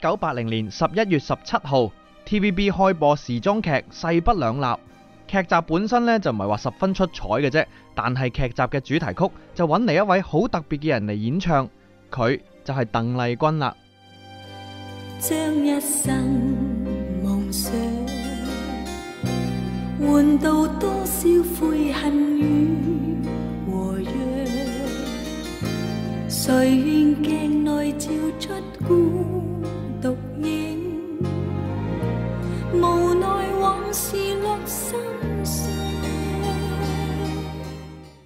一九八零年十一月十七號，TVB 開播時裝劇《勢不兩立》。劇集本身呢，就唔係話十分出彩嘅啫，但係劇集嘅主題曲就揾嚟一位好特別嘅人嚟演唱，佢就係鄧麗君啦。將一生夢想，換到多少悔恨與和約？誰願鏡內照出孤？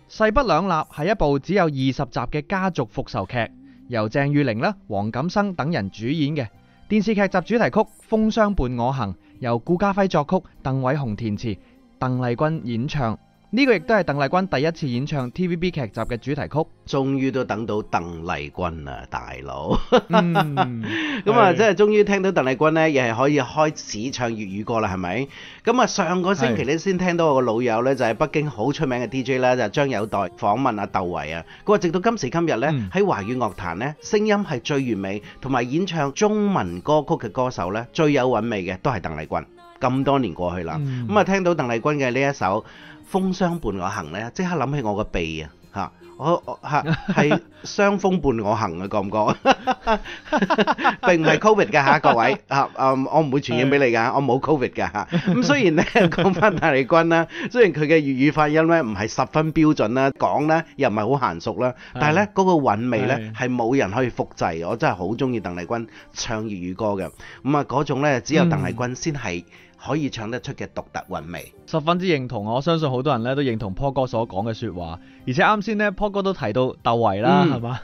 勢不兩立係一部只有二十集嘅家族復仇劇，由鄭裕玲啦、黃錦燊等人主演嘅電視劇集主題曲《風霜伴我行》，由顧嘉輝作曲，鄧偉紅、鄧偉雄填詞、鄧麗君演唱。呢、這個亦都係鄧麗君第一次演唱 TVB 劇集嘅主題曲。終於都等到鄧麗君啊，大佬咁啊！即係終於聽到鄧麗君呢，又係可以開始唱粵語歌啦，係咪？咁、嗯、啊，上個星期呢，先聽到我個老友呢，就喺、是、北京好出名嘅 DJ 啦，就是、張有待訪問阿竇唯啊。佢話：直到今時今日呢，喺、嗯、華語樂壇呢，聲音係最完美，同埋演唱中文歌曲嘅歌手呢，最有韻味嘅都係鄧麗君。咁多年過去啦，咁、嗯、啊、嗯，聽到鄧麗君嘅呢一首。風霜伴我行，呢即刻諗起我個鼻啊！嚇，我我嚇係傷風伴我行的覺覺 的啊，覺唔覺？並唔係 covid 嘅嚇各位嚇啊！我唔會傳染俾你噶，我冇 covid 噶嚇。咁、啊嗯、雖然呢，講翻鄧麗君啦，雖然佢嘅粵語發音呢唔係十分標準啦，講呢又唔係好嫻熟啦，但係呢嗰、那個韻味呢係冇人可以複製。我真係好中意鄧麗君唱粵語歌嘅。咁啊嗰種呢只有鄧麗君先係、嗯。可以唱得出嘅獨特韻味，十分之認同。我相信好多人咧都認同 Paul 哥所講嘅説話，而且啱先咧 Paul 哥都提到竇唯啦，係、嗯、嘛？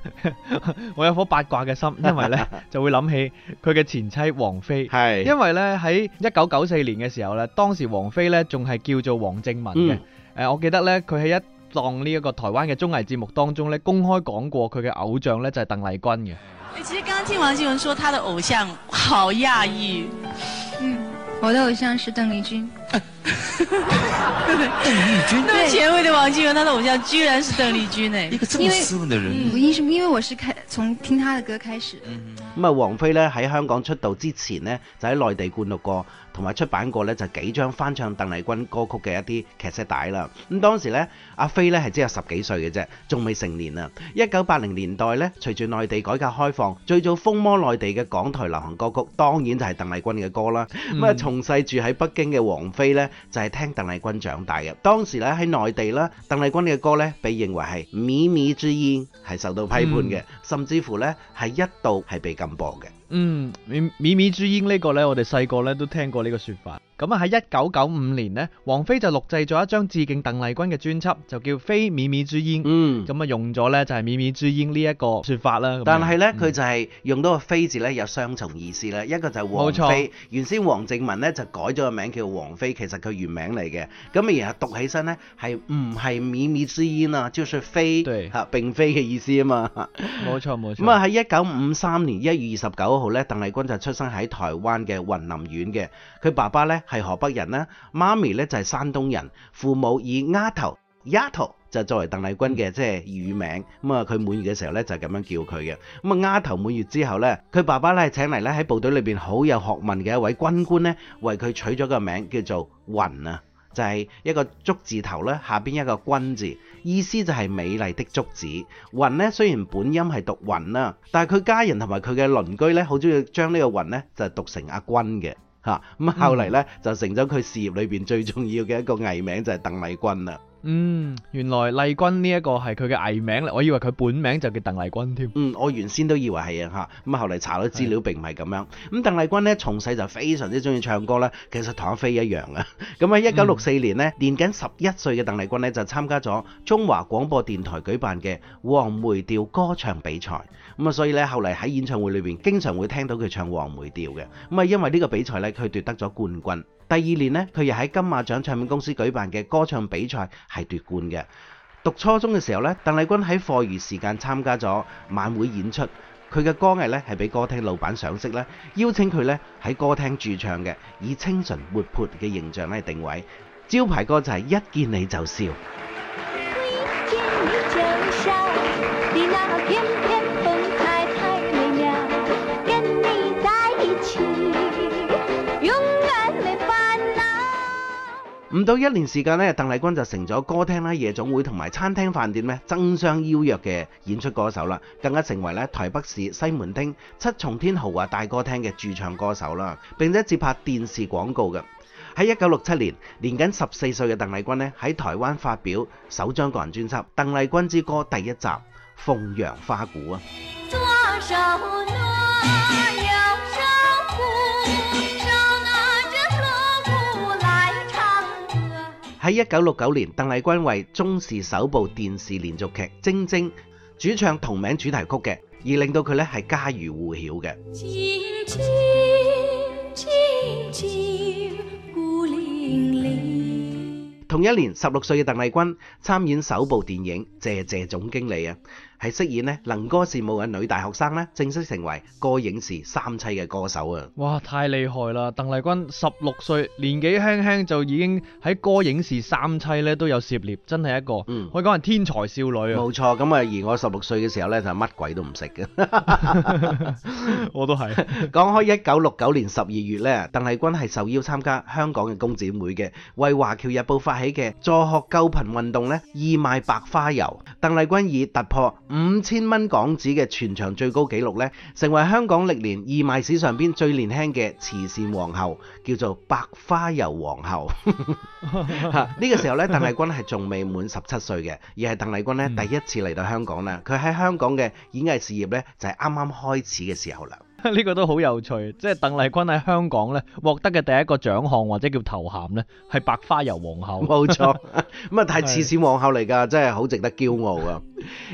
我有顆八卦嘅心，因為咧就會諗起佢嘅前妻王菲。係，因為咧喺一九九四年嘅時候咧，當時王菲咧仲係叫做王靖雯嘅。誒、嗯呃，我記得咧佢喺一檔呢一個台灣嘅綜藝節目當中咧，公開講過佢嘅偶像咧就係、是、鄧麗君嘅。誒，其實剛剛聽王靖雯說她的偶像，好訝異。嗯。我的偶像是鄧麗君。鄧 麗君最前衛的王靖雯，她的偶像居然是鄧麗君呢，一個這麼斯文的人，因為、嗯、因為我是開從聽她的歌開始。咁、嗯、啊、嗯，王菲咧喺香港出道之前咧，就喺內地灌錄過，同埋出版過咧就幾張翻唱鄧麗君歌曲嘅一啲劇集帶啦。咁當時呢，阿菲咧，係只有十幾歲嘅啫，仲未成年啊！一九八零年代咧，隨住內地改革開放，最早風魔內地嘅港台流行歌曲，當然就係鄧麗君嘅歌啦。咁、嗯、啊，從細住喺北京嘅王。菲咧就係、是、聽鄧麗君長大嘅，當時咧喺內地啦，鄧麗君嘅歌咧被認為係靡靡之音，係受到批判嘅，甚至乎咧係一度係被禁播嘅。嗯，靡靡之音呢個咧，我哋細個咧都聽過呢個說法。咁啊喺一九九五年呢，王菲就錄製咗一張致敬鄧麗君嘅專輯，就叫《菲靡靡之音》。嗯，咁啊用咗呢、就是，就係靡靡之音呢一個說法啦。但係呢，佢、嗯、就係用到個菲字呢，有雙重意思咧，一個就係王菲。原先王靖雯呢就改咗個名叫王菲，其實佢原名嚟嘅。咁而係讀起身呢，係唔係靡靡之音啊？就是菲嚇並非嘅意思啊嘛。冇錯冇錯。咁啊喺一九五三年一月二十九號呢，鄧麗君就出生喺台灣嘅雲林縣嘅，佢爸爸呢，係河北人啦，媽咪咧就係山東人。父母以「丫頭」、「丫頭」就作為鄧麗君嘅即係乳名。咁啊，佢滿月嘅時候咧就係咁樣叫佢嘅。咁啊，丫頭滿月之後咧，佢爸爸咧請嚟咧喺部隊裏邊好有學問嘅一位軍官咧，為佢取咗個名叫做筠啊，就係一個竹字頭咧下邊一個君字，意思就係美麗的竹子。筠咧雖然本音係讀雲啦，但係佢家人同埋佢嘅鄰居咧好中意將呢個筠咧就讀成阿君嘅。吓、嗯、咁後嚟咧就成咗佢事業裏邊最重要嘅一個藝名，就係鄧麗君啦。嗯，原來麗君呢一個係佢嘅藝名，我以為佢本名就叫鄧麗君添。嗯，我原先都以為係啊吓，咁後嚟查到資料並唔係咁樣。咁鄧麗君咧從細就非常之中意唱歌啦，其實同阿飛一樣啊。咁喺一九六四年咧，年僅十一歲嘅鄧麗君就參加咗中華廣播電台舉辦嘅黃梅調歌唱比賽。咁啊，所以咧，後嚟喺演唱會裏邊，經常會聽到佢唱黃梅調嘅。咁啊，因為呢個比賽咧，佢奪得咗冠軍。第二年咧，佢又喺金馬獎唱片公司舉辦嘅歌唱比賽係奪冠嘅。讀初中嘅時候咧，鄧麗君喺課餘時間參加咗晚會演出，佢嘅歌藝咧係俾歌廳老闆賞識咧，邀請佢咧喺歌廳駐唱嘅，以清純活潑嘅形象咧定位。招牌歌就係一見你就笑。唔到一年時間咧，鄧麗君就成咗歌廳啦、夜總會同埋餐廳飯店咧爭相邀約嘅演出歌手啦，更加成為咧台北市西門町七重天豪華大歌廳嘅駐唱歌手啦，並且接拍電視廣告嘅。喺一九六七年，年僅十四歲嘅鄧麗君咧喺台灣發表首張個人專輯《鄧麗君之歌》第一集《鳳陽花鼓》啊。喺一九六九年，鄧麗君為中視首部電視連續劇《晶晶》主唱同名主題曲嘅，而令到佢咧係家喻戶曉嘅。同一年，十六歲嘅鄧麗君參演首部電影《謝謝總經理》啊。係飾演呢，能歌善舞嘅女大學生呢，正式成為歌影視三棲嘅歌手啊、嗯！哇，太厲害啦！鄧麗君十六歲年紀輕輕就已經喺歌影視三棲咧都有涉獵，真係一個，嗯、可以講係天才少女啊！冇錯，咁啊而我十六歲嘅時候呢，就乜鬼都唔識嘅， 我都係講開一九六九年十二月呢，鄧麗君係受邀參加香港嘅工展會嘅，為華僑日報發起嘅助學救貧運動呢，義賣白花油，鄧麗君以突破五千蚊港紙嘅全場最高紀錄咧，成為香港歷年義賣史上邊最年輕嘅慈善皇后，叫做白花油皇后。呢 個時候咧，鄧麗君係仲未滿十七歲嘅，而係鄧麗君咧第一次嚟到香港啦。佢、嗯、喺香港嘅演藝事業咧就係啱啱開始嘅時候啦。呢 個都好有趣，即係鄧麗君喺香港咧獲得嘅第一個獎項或者叫頭銜咧，係白花油皇后。冇 錯，咁啊，太慈善皇后嚟㗎， 真係好值得驕傲啊！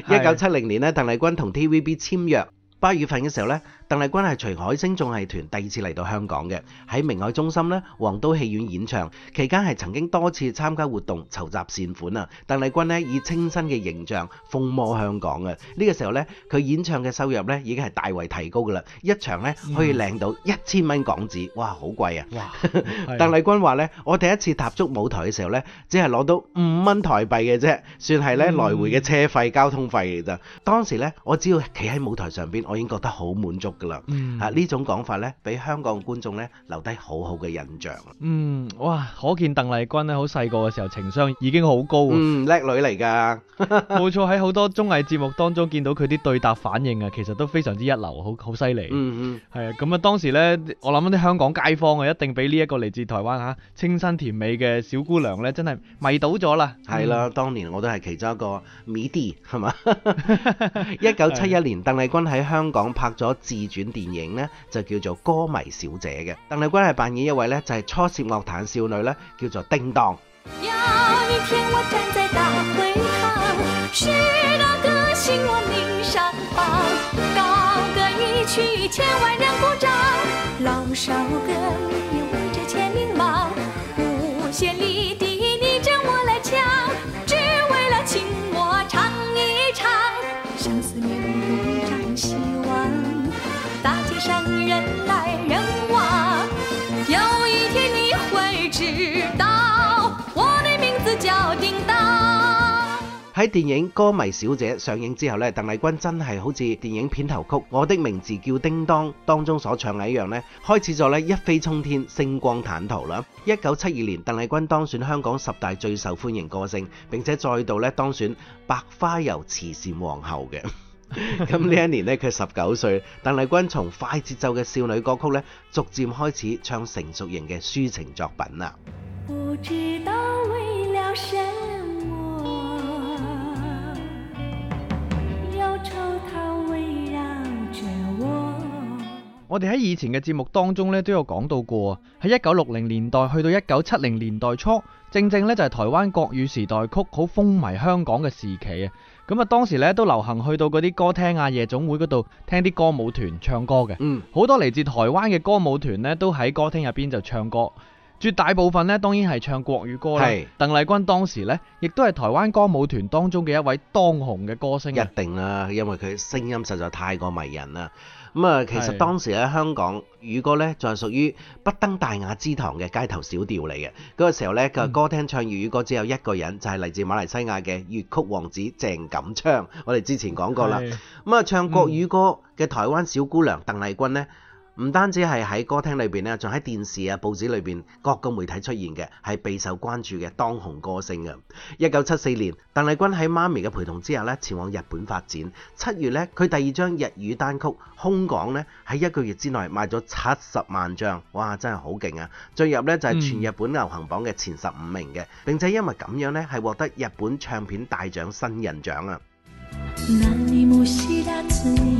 一九七零年咧， 鄧麗君同 TVB 簽約。八月份嘅時候咧，鄧麗君係隨海星綜藝團第二次嚟到香港嘅，喺明愛中心咧黃都戲院演唱。期間係曾經多次參加活動籌集善款啊！鄧麗君咧以清新嘅形象風靡香港啊！呢個時候咧，佢演唱嘅收入咧已經係大為提高噶啦，一場咧可以領到一千蚊港紙，哇，好貴啊！哇，鄧麗君話咧：我第一次踏足舞台嘅時候咧，只係攞到五蚊台幣嘅啫，算係咧來回嘅車費交通費嚟咋。當時咧，我只要企喺舞台上邊我已經覺得好滿足噶啦，吓、嗯啊、呢種講法咧，俾香港觀眾咧留低好好嘅印象。嗯，哇，可見鄧麗君咧好細個嘅時候情商已經好高，嗯，叻女嚟噶，冇錯，喺好多綜藝節目當中見到佢啲對答反應啊，其實都非常之一流，好好犀利。嗯嗯，係啊，咁啊當時咧，我諗啲香港街坊啊，一定俾呢一個嚟自台灣吓清新甜美嘅小姑娘咧，真係迷倒咗啦。係、嗯、啦、嗯，當年我都係其中一個迷弟係嘛？一九七一年鄧麗、嗯、君喺香香港拍咗自傳電影呢，就叫做《歌迷小姐》嘅，鄧麗君係扮演一位呢，就係、是、初涉樂壇少女呢，叫做叮噹。喺電影《歌迷小姐》上映之後咧，鄧麗君真係好似電影片頭曲《我的名字叫叮當》當中所唱嘅一樣咧，開始咗咧一飛沖天，星光坦途啦。一九七二年，鄧麗君當選香港十大最受歡迎歌星，並且再度咧當選白花油慈善皇后嘅。咁 呢一年咧，佢十九歲，鄧麗君從快節奏嘅少女歌曲呢逐漸開始唱成熟型嘅抒情作品啦。唔知道為了誰我哋喺以前嘅節目當中呢，都有講到過啊，喺一九六零年代去到一九七零年代初，正正呢就係台灣國語時代曲好風靡香港嘅時期啊。咁啊，當時呢都流行去到嗰啲歌廳啊、夜總會嗰度聽啲歌舞團唱歌嘅，嗯，好多嚟自台灣嘅歌舞團呢都喺歌廳入邊就唱歌。絕大部分咧當然係唱國語歌啦。係。鄧麗君當時咧，亦都係台灣歌舞團當中嘅一位當紅嘅歌星。一定啦、啊，因為佢聲音實在太過迷人啦。咁、嗯、啊，其實當時喺香港，粵語歌咧就係屬於不登大雅之堂嘅街頭小調嚟嘅。嗰、那個時候咧，個歌廳唱粵語歌只有一個人，嗯、就係、是、嚟自馬來西亞嘅粵曲王子鄭錦昌。我哋之前講過啦。咁啊、嗯，唱國語歌嘅台灣小姑娘鄧麗君咧，唔單止係喺歌廳裏邊咧，仲喺電視啊、報紙裏邊各個媒體出現嘅，係備受關注嘅當紅歌星啊！一九七四年，鄧麗君喺媽咪嘅陪同之下咧，前往日本發展。七月咧，佢第二張日語單曲《空港》咧，喺一個月之內賣咗七十萬張，哇！真係好勁啊！進入咧就係全日本流行榜嘅前十五名嘅，並且因為咁樣咧，係獲得日本唱片大獎新人獎啊！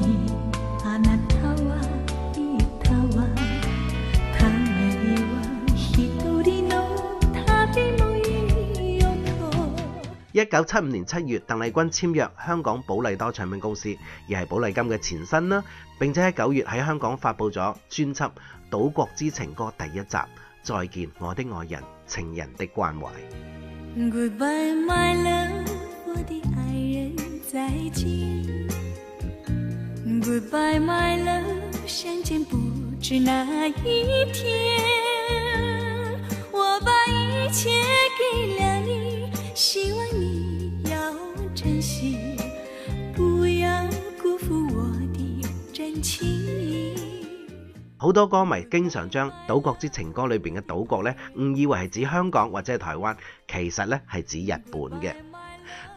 一九七五年七月，鄧麗君簽約香港寶麗多唱片公司，而係寶麗金嘅前身啦，並且喺九月喺香港發佈咗專輯《島國之情歌》第一集《再見我的愛人》，情人的關懷。希望你要珍惜，不要辜負我的真情。好多歌迷經常將《島國之情歌》裏邊嘅“島國”咧，誤以為係指香港或者係台灣，其實咧係指日本嘅《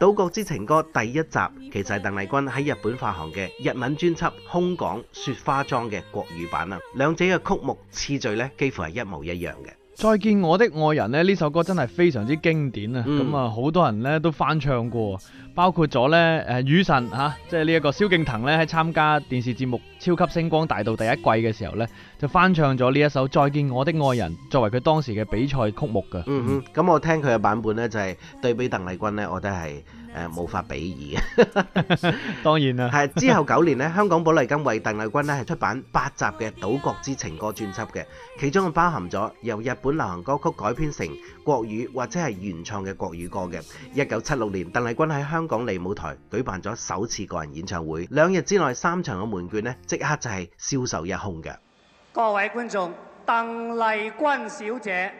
島國之情歌》第一集，其實係鄧麗君喺日本發行嘅日文專輯《空港雪花妝》嘅國語版啊，兩者嘅曲目次序咧幾乎係一模一樣嘅。再見我的愛人，呢呢首歌真係非常之經典啊！咁啊好多人呢都翻唱過，包括咗呢，誒雨神嚇、啊，即係呢一個蕭敬騰呢。喺參加電視節目《超級星光大道》第一季嘅時候呢，就翻唱咗呢一首《再見我的愛人》作為佢當時嘅比賽曲目㗎。嗯哼，咁我聽佢嘅版本呢，就係對比鄧麗君呢，我覺得係。誒，冇法比擬嘅。 當然啦，係之後九年咧，香港寶麗金為鄧麗君咧係出版八集嘅《島國之情歌》專輯嘅，其中包含咗由日本流行歌曲改編成國語或者係原創嘅國語歌嘅。一九七六年，鄧麗君喺香港利舞台舉辦咗首次個人演唱會，兩日之內三場嘅門券咧即刻就係銷售一空嘅。各位觀眾，鄧麗君小姐。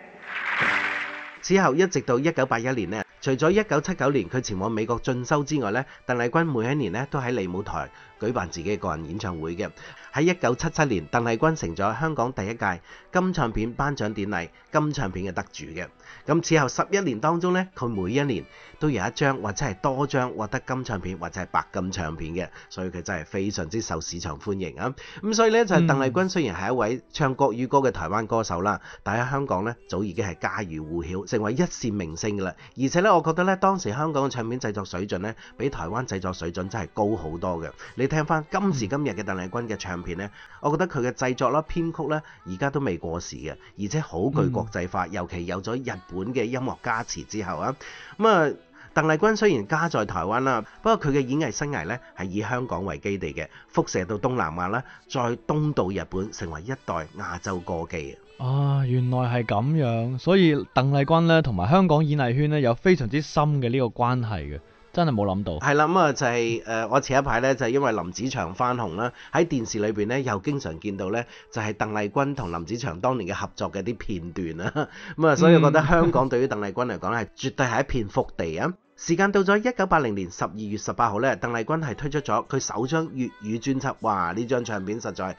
此後一直到一九八一年咧，除咗一九七九年佢前往美國進修之外咧，鄧麗君每一年咧都喺利舞台舉辦自己嘅個人演唱會嘅。喺一九七七年，鄧麗君成咗香港第一屆金唱片頒獎典禮金唱片嘅得主嘅。咁，此後十一年當中咧，佢每一年。都有一張或者係多張獲得金唱片或者係白金唱片嘅，所以佢真係非常之受市場歡迎啊！咁所以呢，就係鄧麗君雖然係一位唱國語歌嘅台灣歌手啦，但喺香港呢，早已經係家喻戶曉，成為一線明星㗎喇。而且呢，我覺得呢，當時香港嘅唱片製作水準呢，比台灣製作水準真係高好多嘅。你聽返今時今日嘅鄧麗君嘅唱片呢，我覺得佢嘅製作啦、編曲呢，而家都未過時嘅，而且好具國際化，尤其有咗日本嘅音樂加持之後啊，咁啊～鄧麗君雖然家在台灣啦，不過佢嘅演藝生涯咧係以香港為基地嘅，輻射到東南亞啦，再東到日本，成為一代亞洲歌姬啊！啊，原來係咁樣，所以鄧麗君咧同埋香港演藝圈咧有非常之深嘅呢個關係嘅，真係冇諗到。係啦，咁啊就係、是、誒、 呃，我前一排咧就係、是、因為林子祥翻紅啦，喺電視裏邊咧又經常見到咧就係鄧麗君同林子祥當年嘅合作嘅啲片段啦，咁 啊所以我覺得香港對於鄧麗君嚟講咧絕對係一片福地啊！時間到咗一九八零年十二月十八號咧，鄧麗君係推出咗佢首張粵語專輯。哇！呢張唱片實在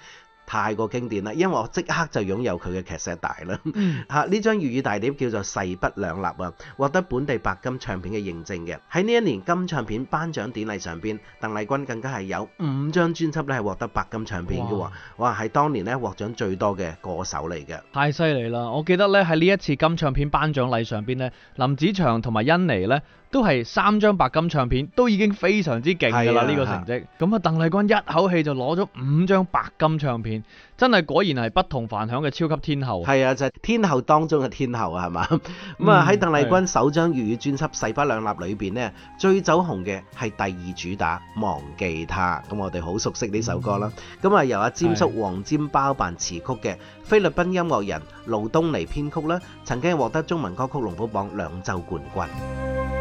太過經典啦，因為我即刻就擁有佢嘅劇社大啦嚇。呢、嗯啊、張粵語大碟叫做《勢不兩立》啊，獲得本地白金唱片嘅認證嘅。喺呢一年金唱片頒獎典禮上邊，鄧麗君更加係有五張專輯咧係獲得白金唱片嘅。哇！哇！係當年咧獲獎最多嘅歌手嚟嘅，太犀利啦！我記得咧喺呢一次金唱片頒獎禮上邊咧，林子祥同埋甄妮呢，都係三張白金唱片，都已經非常之勁㗎啦。呢、啊這個成績咁啊，鄧麗君一口氣就攞咗五張白金唱片，真係果然係不同凡響嘅超級天后。係啊，就係、是、天后當中嘅天后啊，係嘛咁啊？喺鄧麗君首張粵語專輯《勢不兩立裏面》裏邊呢，最走紅嘅係第二主打《忘記他》。咁我哋好熟悉呢首歌啦。咁、嗯、啊，由阿霑叔黃霑包辦詞曲嘅菲律賓音樂人盧東尼編曲啦，曾經係獲得中文歌曲龍虎榜兩周冠軍。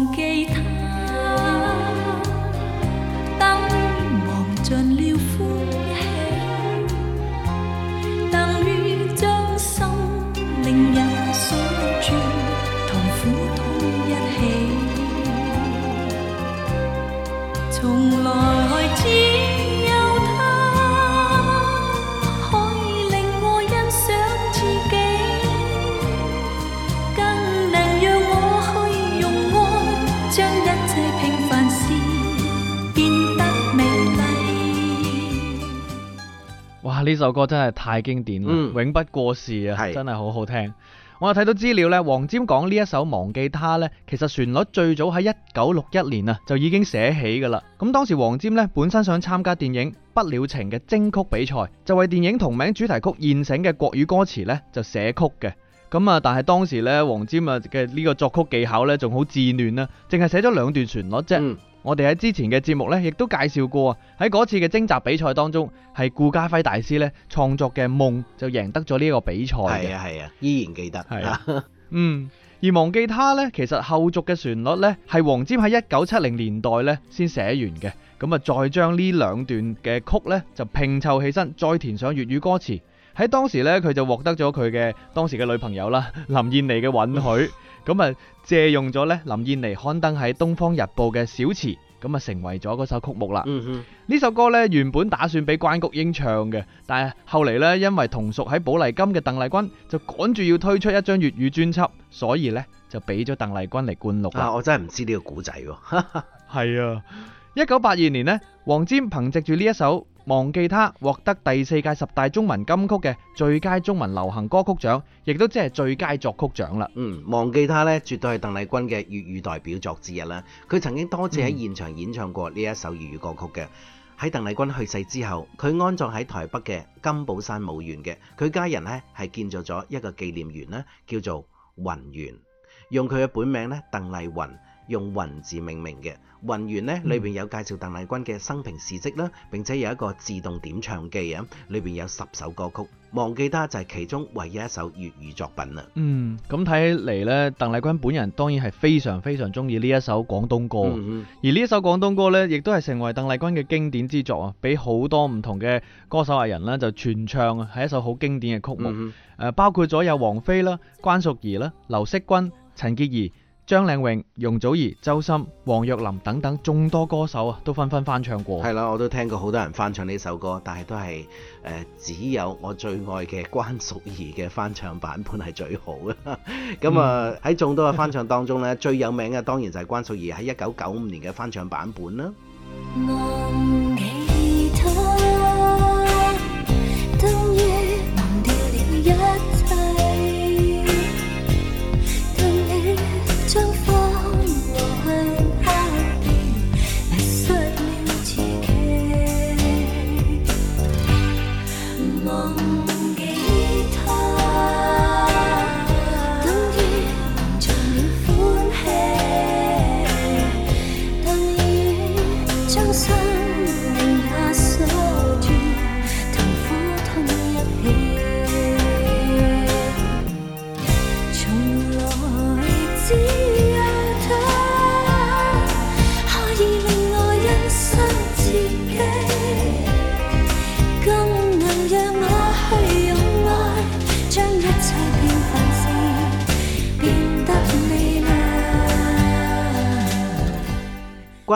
呢、啊、首歌真係太經典啦。嗯，永不過時啊，真係好好聽。我又睇到資料呢，黃沾講呢一首《忘記他》呢，其實旋律最早喺一九六一年啊就已經寫起噶啦。咁當時黃沾呢，本身想參加電影《不了情》嘅徵曲比賽，就為電影同名主題曲現成嘅國語歌詞呢，就寫曲嘅。咁啊，但係當時呢，黃沾啊嘅呢個作曲技巧呢，仲好稚嫩啦，淨係寫咗兩段旋律啫。嗯我哋喺之前嘅節目呢，亦都介紹過啊！喺嗰次嘅徵集比賽當中，係顧嘉輝大師咧創作嘅《夢》就贏得咗呢一個比賽。係啊，係啊，依然記得。係啊， 嗯。而忘記他呢，其實後續嘅旋律呢，係黃沾喺一九七零年代呢先寫完嘅。咁啊，再將呢兩段嘅曲呢，就拼湊起身，再填上粵語歌詞。喺當時呢，佢就獲得咗佢嘅當時嘅女朋友啦林燕妮嘅允許。 咁啊，借用咗咧林燕妮刊登喺《東方日報》嘅小詞，咁啊成為咗嗰首曲目啦。呢、嗯、首歌咧原本打算俾關菊英唱嘅，但係後嚟咧因為同屬喺寶麗金嘅鄧麗君就趕住要推出一張粵語專輯，所以咧就俾咗鄧麗君嚟灌錄啦、啊。我真係唔知呢個古仔喎。係啊，一九八二年呢，黃霑憑藉住呢一首。忘記他獲得第四屆十大中文金曲嘅最佳中文流行歌曲獎，亦都即係最佳作曲獎啦。嗯，忘記他咧，絕對係鄧麗君嘅粵語代表作之一啦。佢曾經多次喺現場演唱過呢一首粵語歌曲嘅。喺鄧麗君去世之後，佢安葬喺台北嘅金寶山墓園嘅。佢家人咧係建造咗一個紀念園啦，叫做筠園，用佢嘅本名咧鄧麗筠，用筠字命名嘅。雲《雲緣》呢裏邊有介紹鄧麗君嘅生平事蹟啦，並且有一個自動點唱機啊，裏邊有十首歌曲，《忘記他》就係其中唯一一首粵語作品啦。嗯，咁睇嚟呢，鄧麗君本人當然係非常非常中意呢一首廣東歌，嗯嗯，而呢一首廣東歌呢，亦都係成為鄧麗君嘅經典之作啊，俾好多唔同嘅歌手藝人啦就傳唱啊，係一首好經典嘅曲目。嗯嗯，包括咗有王菲啦、關淑怡啦、劉惜君、陳潔儀、張靚穎、容祖兒、周深、王若琳等等眾多歌手啊，都紛紛翻唱過。係啦，我都聽過好多人翻唱呢首歌，但係都係誒、呃，只有我最愛嘅關淑怡嘅翻唱版本係最好啦。咁啊喺眾多嘅翻唱當中呢， 最有名嘅當然就係關淑怡喺一九九五年嘅翻唱版本啦。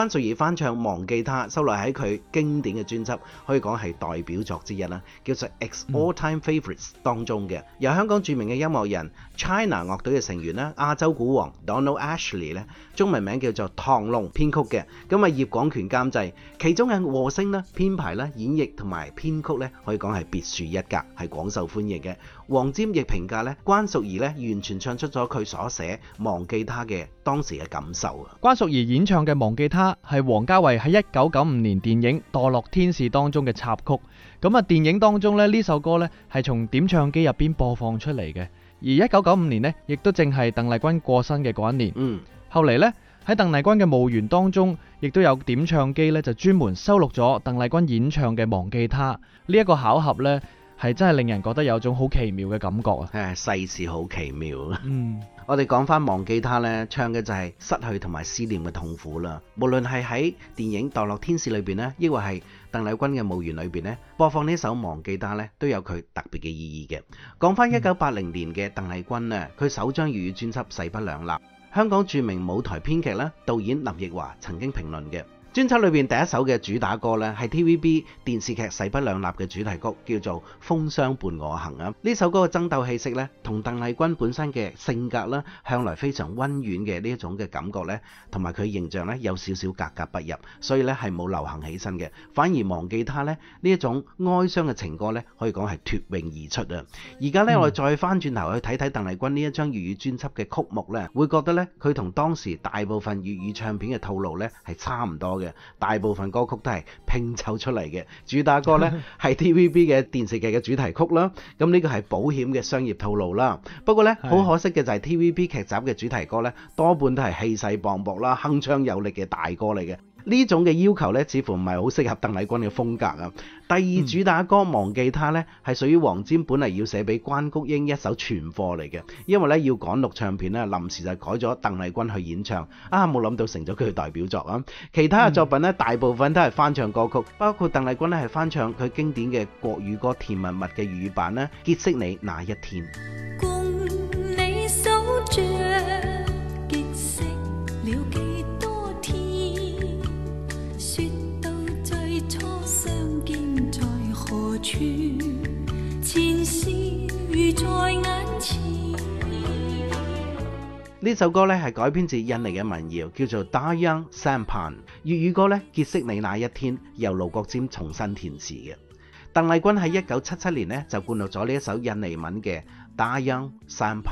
瑞兒翻唱《忘記他》，收嚟喺佢經典嘅專輯，可以講係代表作之一啦，叫做《Ex All Time Favorites》當中嘅，由香港著名嘅音樂人 China 樂隊嘅成員啦，亞洲鼓王 Donald Ashley 咧，中文名叫做唐龍編曲嘅，咁、就、啊、是、葉廣權監製，其中嘅和聲啦、編排啦、演繹同埋編曲咧，可以講係別樹一格，係廣受歡迎嘅。黃沾亦評價咧，關淑怡咧，完全唱出咗佢所寫忘記他嘅當時嘅感受。關淑怡演唱嘅忘記他係王家衛喺一九九五年電影墮落天使當中嘅插曲。咁啊，電影當中咧，呢首歌咧係從點唱機入邊播放出嚟嘅。而一九九五年呢，亦都正係鄧麗君過身嘅嗰一年。嗯，後嚟呢，喺鄧麗君嘅墓園當中，亦都有點唱機咧，就專門收錄咗鄧麗君演唱嘅忘記他，呢一個巧合咧係真係令人覺得有種好奇妙嘅感覺啊！世事好奇妙，嗯，我哋講翻《忘記他》呢，唱嘅就係失去同埋思念嘅痛苦啦。無論係喺電影《墮落天使》裏邊呢，亦或係鄧麗君嘅墓園裏邊呢播放呢首《忘記他》呢，都有佢特別嘅意義嘅。講翻一九八零年嘅鄧麗君呢，佢首張粵語專輯《勢不兩立》，香港著名舞台編劇啦，導演林奕華曾經評論嘅。專輯裏邊第一首嘅主打歌咧，係 TVB 電視劇《勢不兩立》嘅主題曲，叫做《風霜伴我行》啊！呢首歌嘅爭鬥氣息咧，同鄧麗君本身嘅性格啦，向來非常溫婉嘅呢一種嘅感覺咧，同埋佢形象咧有少少格格不入，所以咧係冇流行起身嘅，反而忘記他咧呢一種哀傷嘅情歌咧，可以講係脫穎而出啊！而家咧我哋再翻轉頭去睇睇鄧麗君呢一張粵語專輯嘅曲目咧，會覺得咧佢同當時大部分粵語唱片嘅套路咧係差唔多嘅。大部分歌曲都係拼湊出嚟嘅，主打歌呢係 TVB 嘅電視劇嘅主題曲啦。咁呢個係保險嘅商業套路啦。不過呢，好可惜嘅就係 TVB 劇集嘅主題歌呢，多半都係氣勢磅礴啦、鏗鏘有力嘅大歌嚟嘅。呢種嘅要求咧，似乎唔係好適合鄧麗君嘅風格啊。第二主打歌《忘記他》咧，係屬於黃霑本嚟要寫俾關菊英一首傳貨嚟嘅，因為咧要趕錄唱片咧，臨時就改咗鄧麗君去演唱。啊，冇諗到成咗佢嘅代表作啊！其他嘅作品咧，大部分都係翻唱歌曲，包括鄧麗君咧係翻唱佢經典嘅國語歌《甜蜜蜜》嘅粵語版啦，《結識你那一天》。呢首歌咧係改編自印尼嘅民謠，叫做《Dayung Sampan》。粵語歌咧，結識你那一天，由盧國沾重新填詞嘅。鄧麗君喺一九七七年呢，就灌錄咗呢一首印尼文嘅《Dayung Sampan》。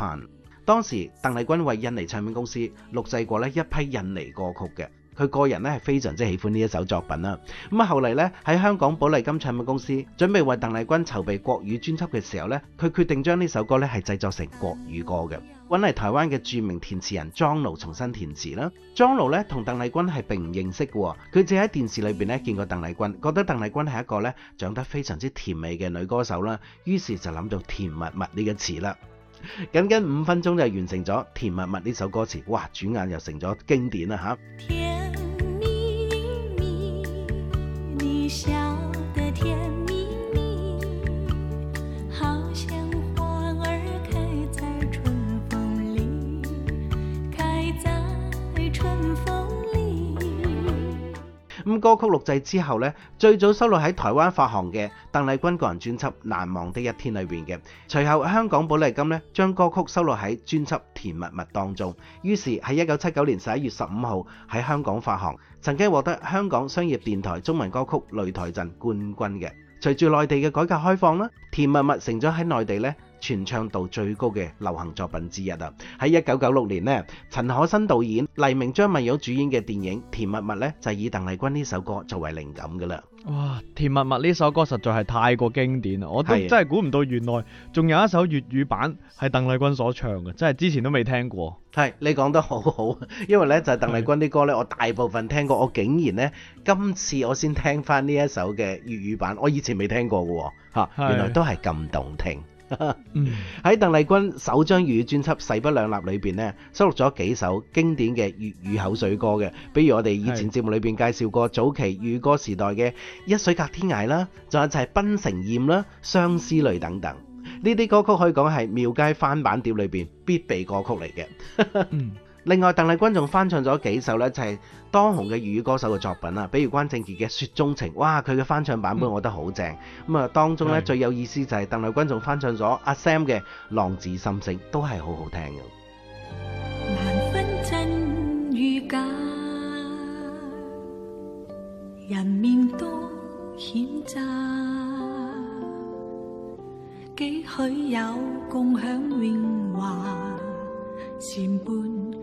當時鄧麗君為印尼唱片公司錄製過呢一批印尼歌曲嘅。佢個人咧係非常之喜歡呢一首作品啦。咁啊後嚟咧喺香港寶麗金唱片公司準備為鄧麗君籌備國語專輯嘅時候咧，佢決定將呢首歌咧係製作成國語歌嘅，揾嚟台灣嘅著名填詞人莊奴重新填詞啦。莊奴咧同鄧麗君係並唔認識嘅喎，佢只係喺電視裏邊咧見過鄧麗君，覺得鄧麗君係一個咧長得非常之甜美嘅女歌手啦，於是就諗到甜蜜蜜呢個詞啦。僅僅五分鐘就完成咗《甜蜜蜜》呢首歌詞，哇！轉眼又成咗經典啦吓。甜蜜蜜，你笑咁歌曲錄製之後咧，最早收錄喺台灣發行嘅鄧麗君個人專輯《難忘的一天》裏邊嘅。隨後香港寶麗金咧將歌曲收錄喺專輯《甜蜜蜜》當中，於是喺一九七九年十一月十五號喺香港發行，曾經獲得香港商業電台中文歌曲擂台陣冠軍嘅。隨住內地嘅改革開放啦，《甜蜜蜜》成咗喺內地咧，全唱度最高嘅流行作品之一啊！喺一九九六年呢，陳可辛導演、黎明、張文玉主演嘅電影《甜蜜蜜》呢，就以鄧麗君呢首歌作為靈感噶啦。哇！《甜蜜蜜》呢首歌實在係太過經典啦，我都真係估唔到，原來仲有一首粵語版係鄧麗君所唱嘅，真係之前都未聽過。係，你講得好好，因為呢就係鄧麗君啲歌呢。我大部分聽過，我竟然呢，今次我先聽翻呢一首嘅粵語版，我以前未聽過噶，吓、啊、原來都係咁動聽。喺鄧麗君首張粵語專輯《勢不兩立》裏邊收錄咗幾首經典嘅粵語口水歌嘅，比如我哋以前節目裏邊介紹過早期粵歌時代嘅《一水隔天涯》啦，仲有就係、是《檳城艷》啦，《相思淚》等等，呢啲歌曲可以講係廟街翻版碟裏邊必備歌曲嚟嘅。 另外，鄧麗君仲翻唱咗幾首呢，就係當紅嘅粵語歌手嘅作品啦，比如關正傑嘅《雪中情》，哇，佢嘅翻唱版本我覺得好正。咁啊，當中呢，最有意思就係鄧麗君仲翻唱咗阿 Sam 嘅《浪子心聲》，都係好好聽嘅。難分真與假，人面都險詐，幾許有共享榮華前半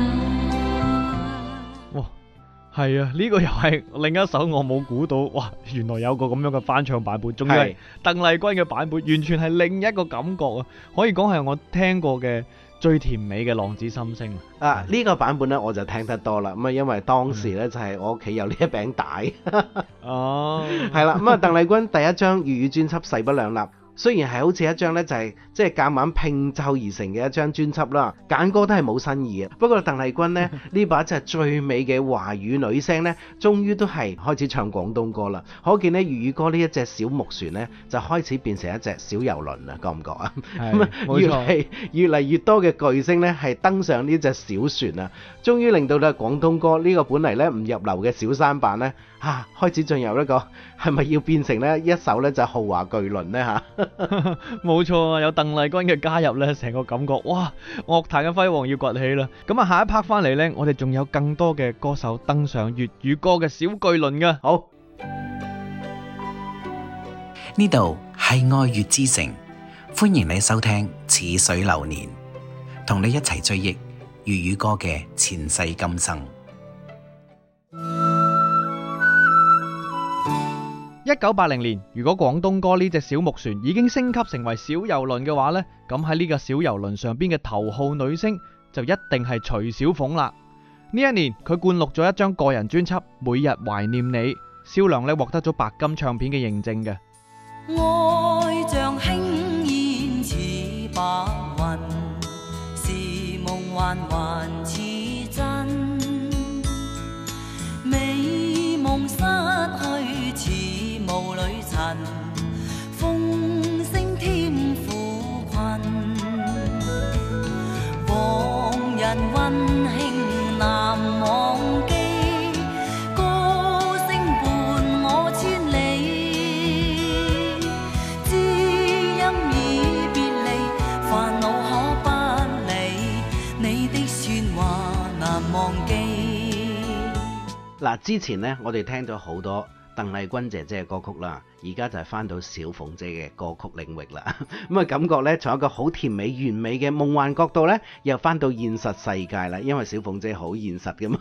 係啊，呢個又係另一首我冇估到，哇！原來有個咁樣嘅翻唱版本，仲係鄧麗君嘅版本，完全係另一個感覺啊！可以講係我聽過嘅最甜美嘅浪子心聲啊！啊，呢個版本咧我就聽得多啦，咁啊因為當時咧就係我屋企有呢一餅帶哦，係 啦、oh. 啊，咁啊鄧麗君第一張粵語專輯《勢不兩立》。雖然係好似一張咧，就係即係夾硬拼湊而成嘅一張專輯啦，揀歌都係冇新意嘅。不過鄧麗君呢，呢把即係最美嘅華語女聲呢，終於都係開始唱廣東歌啦。可見呢粵語歌呢一隻小木船呢，就開始變成一隻小遊輪啦。覺唔覺啊？係冇錯，越嚟越嚟越多嘅巨星呢，係登上呢隻小船啊！終於令到咧廣東歌呢個本嚟咧唔入流嘅小舢舨咧，啊開始進入一個係咪要變成咧一首咧就係豪華巨輪咧嚇？冇錯啊！有鄧麗君嘅加入咧，成個感覺哇！樂壇嘅輝煌要崛起啦！咁啊下一 part 翻嚟咧，我哋仲有更多嘅歌手登上粵語歌嘅小巨輪嘅。好，呢度係愛粵之城，歡迎你收聽《似水流年》，同你一齊追憶。粵語歌嘅前世今生。一九八零年，如果廣東歌呢隻小木船已經升級成為小遊輪嘅話呢，咁喺呢個小遊輪上邊嘅頭號女星就一定係徐小鳳啦。呢一年佢灌錄咗一張個人專輯《每日懷念你》銷量，銷量呢獲得咗白金唱片嘅認證嘅。 之前呢，我哋聽咗好多鄧麗君姐姐嘅歌曲啦，而家就係翻到小鳳姐嘅歌曲領域啦。咁啊，感覺呢，從一個好甜美、完美嘅夢幻角度呢，又翻到現實世界啦。因為小鳳姐好現實噶嘛。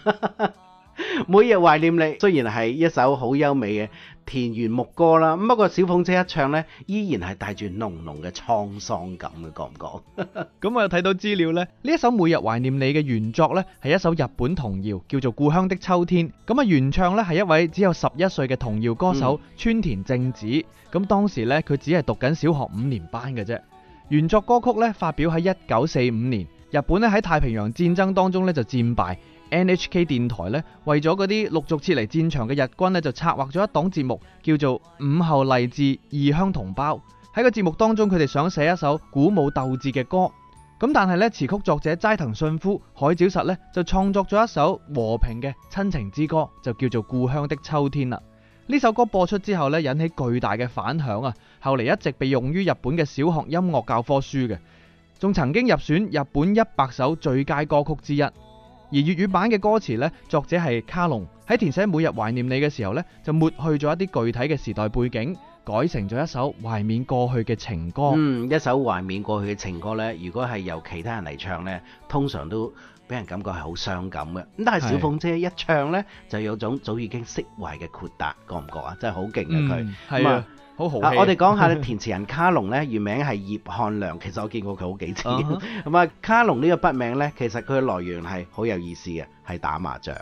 每日懷念你，雖然係一首好優美嘅田園牧歌啦，咁不過小鳳姐一唱呢，依然係帶住濃濃嘅滄桑感嘅，覺唔覺？咁 我又睇到資料呢，呢一首每日懷念你嘅原作呢，係一首日本童謠，叫做《故鄉的秋天》。咁啊，原唱呢，係一位只有十一歲嘅童謠歌手川、嗯、田正子。咁當時呢，佢只係讀緊小學五年班嘅啫。原作歌曲呢，發表喺一九四五年，日本咧喺太平洋戰爭當中呢，就戰敗。NHK 電台呢，為咗嗰啲陸續撤離戰場嘅日軍呢，就策劃咗一檔節目，叫做《午後勵志異鄉同胞》。喺個節目當中，佢哋想寫一首鼓舞鬥志嘅歌。咁但係呢，詞曲作者齋藤信夫、海沼實呢，就創作咗一首和平嘅親情之歌，就叫做《故鄉的秋天》啦。呢首歌播出之後呢，引起巨大嘅反響啊！後嚟一直被用於日本嘅小學音樂教科書嘅，仲曾經入選日本一百首最佳歌曲之一。而粵語版嘅歌詞呢，作者係卡龍，喺填寫《每日懷念你》嘅時候呢，就抹去咗一啲具體嘅時代背景，改成咗一首懷緬過去嘅情歌。嗯，一首懷緬過去嘅情歌呢，如果係由其他人嚟唱呢，通常都俾人感覺係好傷感嘅。咁但係小鳳姐一唱呢，就有種早已經釋懷嘅豁達，覺唔覺啊？真係好勁啊佢。嗯好豪氣！啊，啊我哋講下呢，填詞人卡龍呢，原名係葉漢良。其實我見過佢好幾次。咁、uh、uh-huh. 嗯，卡龍呢個筆名呢，其實佢嘅來源係好有意思嘅。係打麻雀，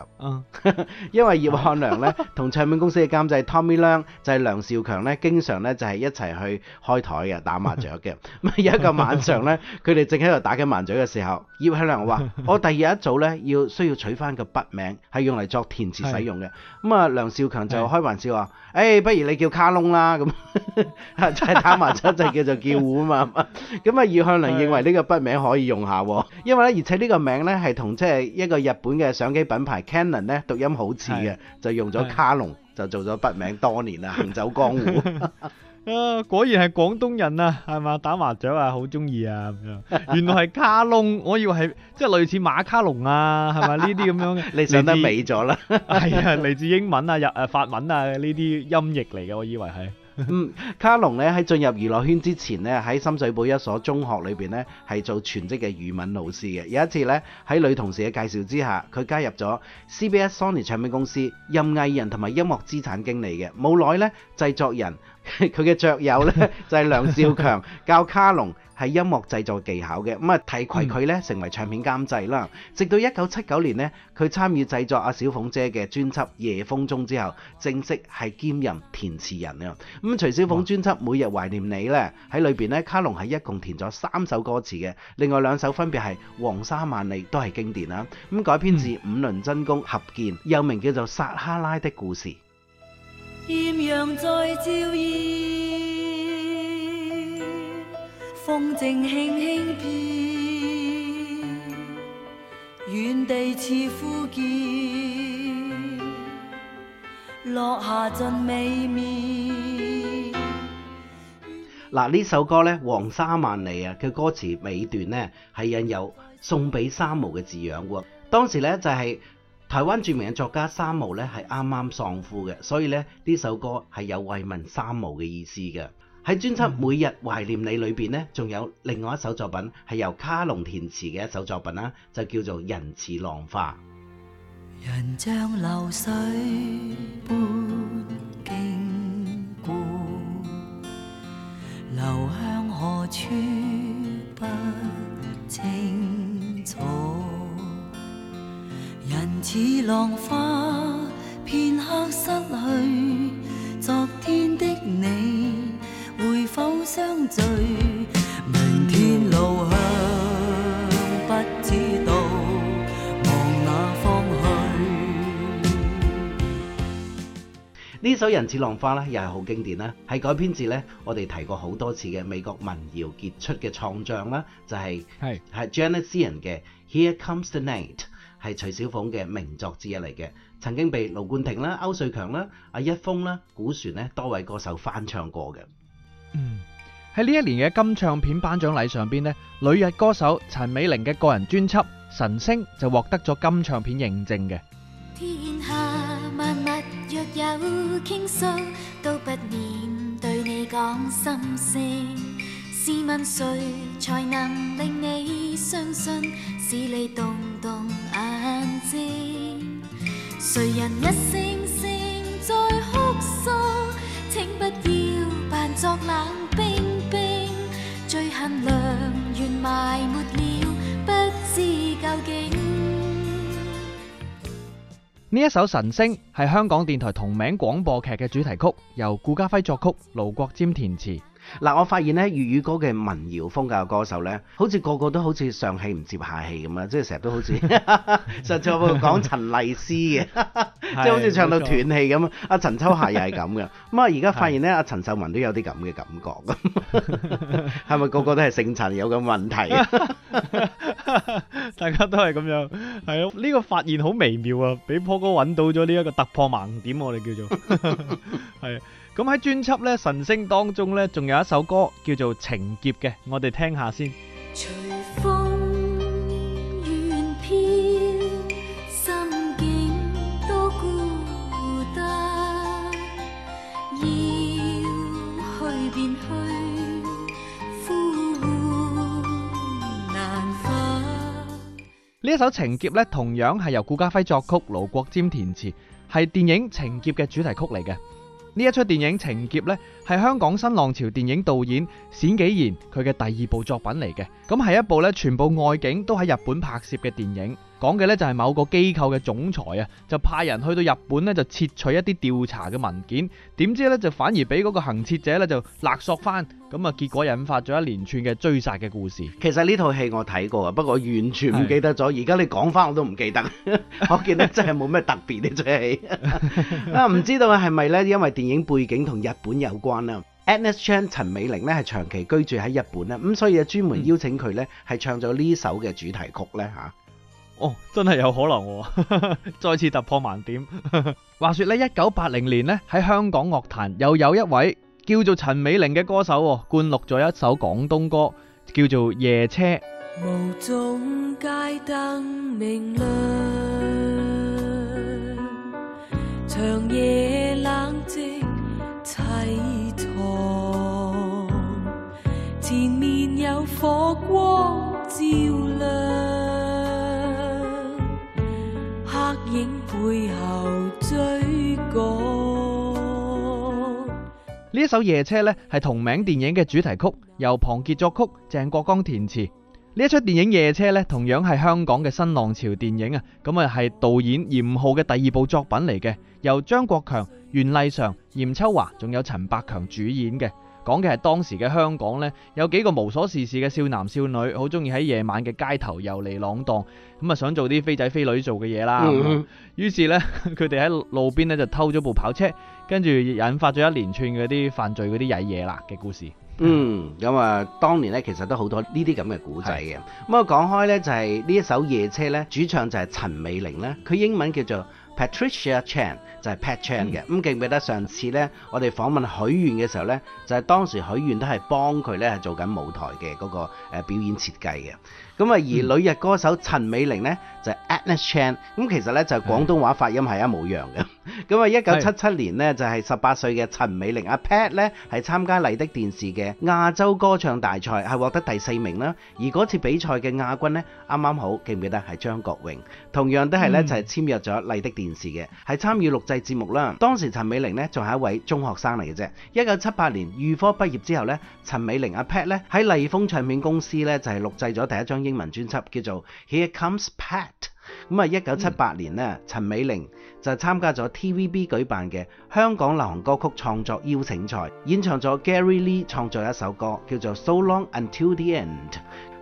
因為葉漢良咧同唱片公司嘅監製 Tommy Long 就係梁少強咧，經常咧就係、是、一齊去開台嘅打麻雀嘅。咁 啊 一個晚上咧，佢哋正喺度打緊麻雀嘅時候，葉漢良話：我第二日一早咧要需要取翻個筆名，係用嚟作填詞使用嘅。咁啊梁少強就開玩笑話：誒、欸、不如你叫卡窿啦，咁 就係打麻雀就叫做叫胡啊嘛。咁 啊葉漢良認為呢個筆名可以用下， 因為咧而且呢個名咧係同即係一個日本嘅相機品牌 Canon 咧，讀音好似嘅，就用咗卡龍，就做咗筆名多年啦，行走江湖啊！ 果然係廣東人啊，係嘛？打麻雀啊，好中意啊咁樣。原來係卡龍，我以為係即係類似馬卡龍啊，係咪？呢啲咁樣，你想得美咗啦！係 啊，嚟自英文啊，日法文啊呢啲音譯嚟嘅，我以為係。嗯，卡龍咧，喺進入娛樂圈之前咧，喺深水埗一所中學裏邊咧係做全職嘅語文老師嘅。有一次咧，喺女同事嘅介紹之下，佢加入咗 CBS Sony 唱片公司，任藝人同埋音樂資產經理嘅。冇耐咧，製作人。佢 嘅雀友呢就係梁少強 教卡龍係音樂製作技巧嘅，咁啊提攜佢呢，成為唱片監製啦。直到一九七九年呢，佢參與製作阿小鳳姐嘅專輯《夜風中》之後，正式係兼任填詞人啊。咁徐小鳳專輯《每日懷念你》呢，喺裏邊呢，卡龍係一共填咗三首歌詞嘅，另外兩首分別係《黃沙萬里》都係經典啦。咁改編自《五輪真功合劍》，又名叫做《撒哈拉的故事》。豔陽在照耀，風靜輕輕飄，遠地似呼叫，落霞盡美妙。嗱，呢首歌呢，《黃沙萬里》啊，嘅歌詞尾段呢，係印有送畀三毛嘅字樣喎，當時呢，就係、是。台灣著名嘅作家三毛咧，係啱啱喪夫嘅，所以咧，呢首歌係有慰問三毛嘅意思嘅。喺專輯《每日懷念你》裏邊呢，仲有另外一首作品係由卡龍填詞嘅一首作品啦，就叫做《人似浪花》。人像流水般經過，流向何處不清楚。人似浪花，片刻失去昨天的你，會否相聚？明天路向不知道，往哪方去？呢 首《人似浪花》呢，又係好經典啦，係改編自呢，我哋提過好多次嘅美國民謠傑出嘅創作啦，就係係係 Janis Ian 嘅《Here Comes the Night》。係徐小鳳嘅名作之一嚟嘅，曾經被盧冠廷啦、歐瑞強啦、阿一峰啦、古璇咧多位歌手翻唱過嘅、嗯。喺呢一年嘅金唱片頒獎禮上邊呢，女日歌手陳美玲嘅個人專輯《晨星》就獲得咗金唱片認證嘅。天下萬物若有傾訴，都不免對你講心聲。試問誰才能令你相信？使你動動。《眼睛，誰人一聲聲在哭訴》，請不要扮作冷冰冰。最恨良緣埋沒了，不知究竟。呢一首《神聲》係香港電台同名廣播劇嘅主題曲，由顧嘉輝作曲，盧國沾填詞。嗱、啊，我發現咧粵語歌嘅民謠風格嘅歌手咧，好似個個都好似上氣唔接下氣咁啊！即係成日都好似上次我講陳麗斯嘅，即 係 好似唱到斷氣咁 啊！阿陳秋霞又係咁嘅，咁啊而家發現咧，阿、 啊、陳秀文都有啲咁嘅感覺咁，係 咪 個個都係姓陳有咁問題啊？ 大家都係咁樣，係咯、啊？呢、這個發現好微妙啊！俾 Paul 哥揾到咗呢一個突破盲點，我哋叫做係。 咁喺專輯咧晨星當中咧，仲有一首歌叫做《情劫》嘅，我哋聽下先。隨風遠飄，心境多孤單，要去便去，呼喚難分。呢一首《情劫》咧，同樣係由顧嘉輝作曲、盧國沾填詞，係電影《情劫》嘅主題曲嚟嘅。呢一出電影《情劫》咧，係香港新浪潮電影導演冼杞然佢嘅第二部作品嚟嘅，咁係一部咧全部外景都喺日本拍攝嘅電影。講嘅咧就係某個機構嘅總裁啊，就派人去到日本咧，就竊取一啲調查嘅文件，點知咧就反而俾嗰個行竊者咧就勒索翻，咁啊結果引發咗一連串嘅追殺嘅故事。其實呢套戲我睇過啊，不過我完全唔記得咗，而家你講翻我都唔記得， 我見得真係冇咩特別呢出戲。啊，唔知道係咪咧，因為電影背景同日本有關啊。 Anne Chan 陳美玲咧係長期居住喺日本咧，咁所以啊專門邀請佢咧係唱咗呢首嘅主題曲咧吓。哦，真係有可能喎、哦！ 再次突破盲點。 話說呢，一九八零年呢，喺香港樂壇又有一位叫做陳美玲嘅歌手灌錄咗一首廣東歌，叫做《夜車》。無盡街燈明亮，長夜冷靜淒愴，前面有火光照亮。呢一首《夜車》呢係同名電影嘅主題曲，由龐杰作曲，鄭國江填詞。呢一出電影《夜車》呢同樣係香港嘅新浪潮電影啊！咁啊係導演嚴浩嘅第二部作品嚟嘅，由張國強、袁麗嫦、嚴秋華仲有陳百強主演嘅。講嘅係當時嘅香港呢，有幾個無所事事嘅少男少女，好中意喺夜晚嘅街頭遊嚟浪蕩，咁啊想做啲飛仔飛女做嘅嘢啦。於、嗯嗯、是呢，佢哋喺路邊呢就偷咗部跑車，跟住引發咗一連串嗰啲犯罪嗰啲曳嘢啦嘅故事。嗯，咁、嗯、啊，當年呢其實都好多呢啲咁嘅古仔嘅。咁啊講開呢，就係呢一首《夜車》呢，主唱就係陳美玲呢，佢英文叫做。Patricia Chan 就係 Pat Chan 嘅，咁、嗯、記唔記得上次咧，我哋訪問許願嘅時候咧，就係、是、當時許願都係幫佢咧做緊舞台嘅嗰個誒表演設計嘅，咁啊而女日歌手陳美玲咧。Agnes Chan，咁其實咧就係廣東話發音係一模一樣嘅。咁啊，一九七七年呢，就係十八歲嘅陳美玲阿 Pat 咧，係參加麗的電視嘅亞洲歌唱大賽，係獲得第四名啦。而嗰次比賽嘅亞軍呢，啱啱好記唔記得係張國榮，同樣都係咧就係簽約咗麗的電視嘅，係參與錄製節目啦。當時陳美玲呢，仲係一位中學生嚟嘅啫。一九七八年預科畢業之後呢，陳美玲阿 Pat 咧喺麗風唱片公司呢，就係錄製咗第一張英文專輯，叫做《Here Comes Pat》。咁啊，一九七八年咧，陳美玲就參加咗 TVB 舉辦嘅香港流行歌曲創作邀請賽，演唱咗 Gary Lee 創作一首歌，叫做《So Long Until the End》，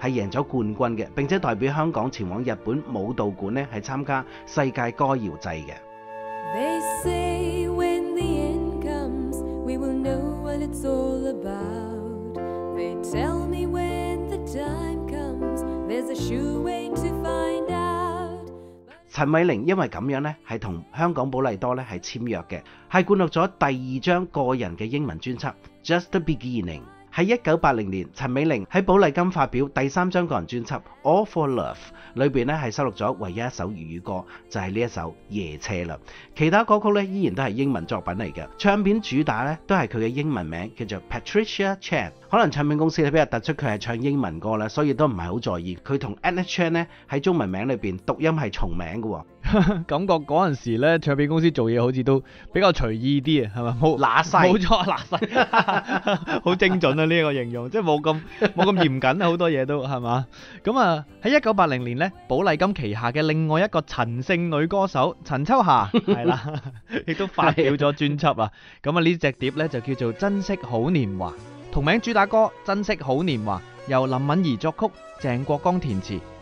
係贏咗冠軍嘅。並且代表香港前往日本武道館咧，係參加世界歌謠祭嘅。 陳美玲因為這樣呢，係同香港寶麗多咧係簽約嘅，係灌錄咗第二張個人嘅英文專輯《Just Beginning》。喺一九八零年，陳美玲喺寶麗金發表第三張個人專輯《All For Love》，裏面，咧係收錄咗唯一一首粵語歌，就係、是、呢一首《夜車》啦。其他歌曲咧依然都係英文作品嚟嘅。唱片主打咧都係佢嘅英文名，叫做 Patricia Chan。可能唱片公司比較突出佢係唱英文歌啦，所以都唔係好在意佢同 Anne Chan 咧喺中文名裏邊讀音係重名嘅。感覺嗰陣時咧，唱片公司做嘢好似都比較隨意啲啊，係咪好揦西？冇錯，揦西，好精準啊！呢一個形容，即係冇咁冇咁嚴謹啊，好多嘢都係嘛？咁啊，喺一九八零年咧，寶麗金旗下嘅另外一個陳姓女歌手陳秋霞係啦，亦都發表咗專輯啦。咁啊，呢隻碟咧就叫做《珍惜好年華》，同名主打歌《珍惜好年華》由林敏怡作曲，鄭國江填詞。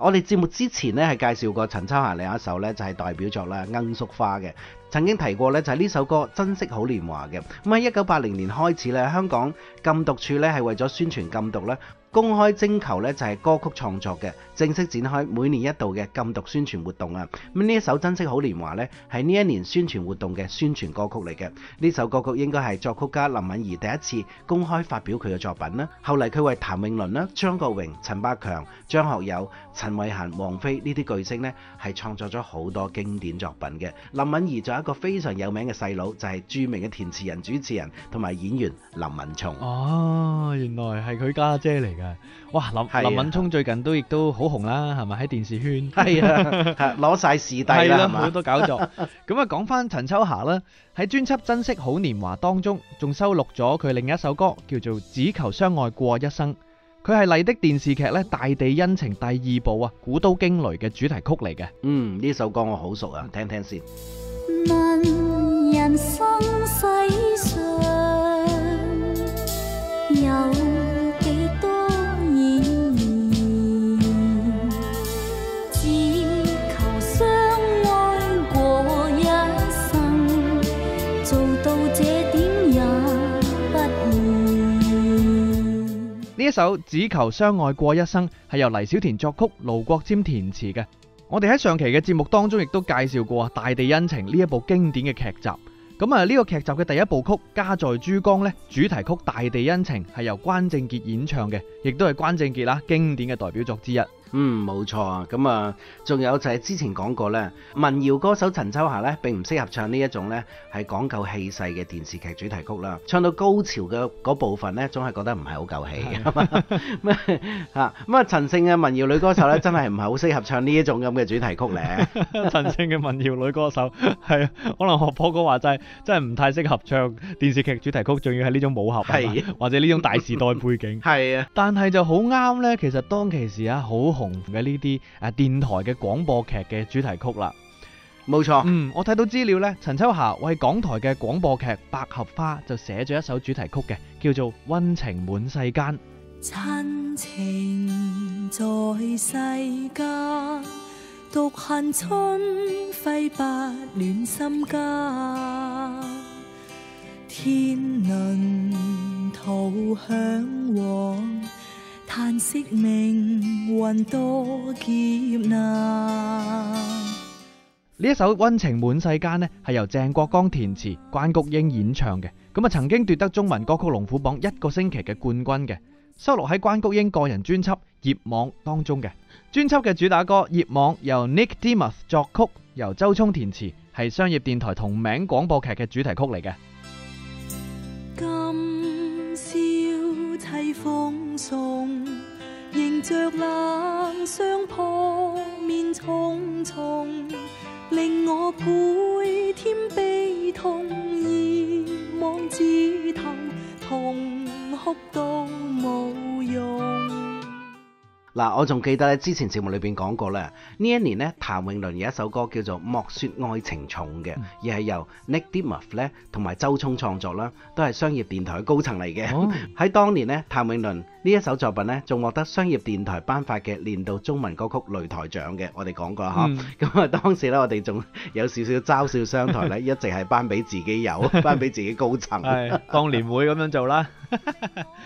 我哋節目之前咧係介紹過陳秋霞另一首咧就係代表作咧《罌粟花》嘅，曾經提過咧就係呢首歌珍惜好年華嘅。咁喺一九八零年開始咧，香港禁毒處咧係為咗宣傳禁毒咧，公開徵求咧就係歌曲創作嘅。正式展開每年一度嘅禁毒宣傳活動啊！咁呢一首《珍惜好年華》呢，係呢一年宣傳活動嘅宣傳歌曲嚟嘅。呢首歌曲應該係作曲家林敏怡第一次公開發表佢嘅作品啦。後嚟佢為譚詠麟啦、張國榮、陳百強、張學友、陳慧嫻、王菲呢啲巨星呢，係創作咗好多經典作品嘅。林敏怡仲有一個非常有名嘅細佬，就係著名嘅填詞人、主持人同埋演員林敏驄。哦，原來係佢家姐嚟㗎。哇，林林敏聰最近都亦都好紅啦，係咪喺電視圈？係啊，攞曬視帝啦，好多搞作。咁啊，講翻陳秋霞啦，喺專輯《珍惜好年華》當中，仲收錄咗佢另一首歌叫做《只求相愛過一生》，佢係麗的電視劇咧《大地恩情》第二部啊《古都驚雷》嘅主題曲嚟嘅。嗯，呢首歌我好熟啊，聽聽先。一首《只求相愛過一生》係由黎小田作曲、盧國沾填詞嘅。我哋喺上期嘅節目當中亦都介紹過《大地恩情》呢一部經典嘅劇集。咁啊呢個劇集嘅第一部曲《家在珠江》呢主題曲《大地恩情》係由關正傑演唱嘅，亦都係關正傑啦經典嘅代表作之一。嗯，冇錯啊。咁啊，仲有就係之前講過咧，民謠歌手陳秋霞咧並唔適合唱呢一種咧係講究氣勢嘅電視劇主題曲啦。唱到高潮嘅部分咧，總係覺得唔係好夠氣啊嘛。咩嚇？咁啊，陳姓嘅民謠女歌手咧，真係唔係好適合唱呢一種咁嘅主題曲咧。陳 姓嘅民謠女歌手係啊， 可能學波哥話齋真係唔太適合唱電視劇主題曲，仲要係呢種武俠，係，係，係，或者呢種大時代背景。係啊，但係就好啱咧。其實當其時啊，好好。同嘅呢啲誒電台嘅廣播劇嘅主題曲啦，冇錯。嗯，我睇到資料呢，陳秋霞為港台嘅廣播劇《百合花》就寫咗一首主題曲嘅，叫做《溫情滿世間》。親情在世間，獨恨春暉不暖心間。天倫徒向往。嘆息命運多劫難，呢一首溫情滿世間咧，係由鄭國江填詞，關菊英演唱嘅。咁啊，曾經奪得中文歌曲龍虎榜一個星期嘅冠軍嘅，收錄喺關菊英個人專輯《葉網》當中嘅。專輯嘅主打歌《葉網》由 Nick Dimas 作曲，由周聰填詞，係商業電台同名廣播劇嘅主題曲嚟嘅。風送，迎着冷霜撲面，重重令我倍添悲痛，遙望枝頭，痛哭都無用。嗱，我仲記得之前節目裏面講過，呢一年呢，譚詠麟有一首歌叫做《莫說愛情重》嘅，而係由 Nicki d Muff 同埋周聰創作啦，都係商業電台嘅高層嚟嘅。喺、oh. 當年呢，譚詠麟。呢一首作品咧，仲獲得商業電台頒發嘅年度中文歌曲擂台獎嘅。我哋講過哈，咁啊當時咧，我哋仲有少少嘲笑商台咧，一直係頒俾自己有，頒俾自己高層當年會咁樣做啦。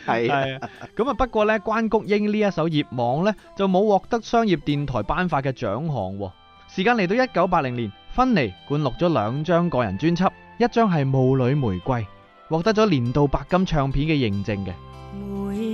係咁啊，不過咧，關菊英呢一首《葉網》咧就冇獲得商業電台頒發嘅獎項喎。時間嚟到一九八零年，薰妮灌錄咗兩張個人專輯，一張係《霧裏玫瑰》，獲得咗年度白金唱片嘅認證嘅。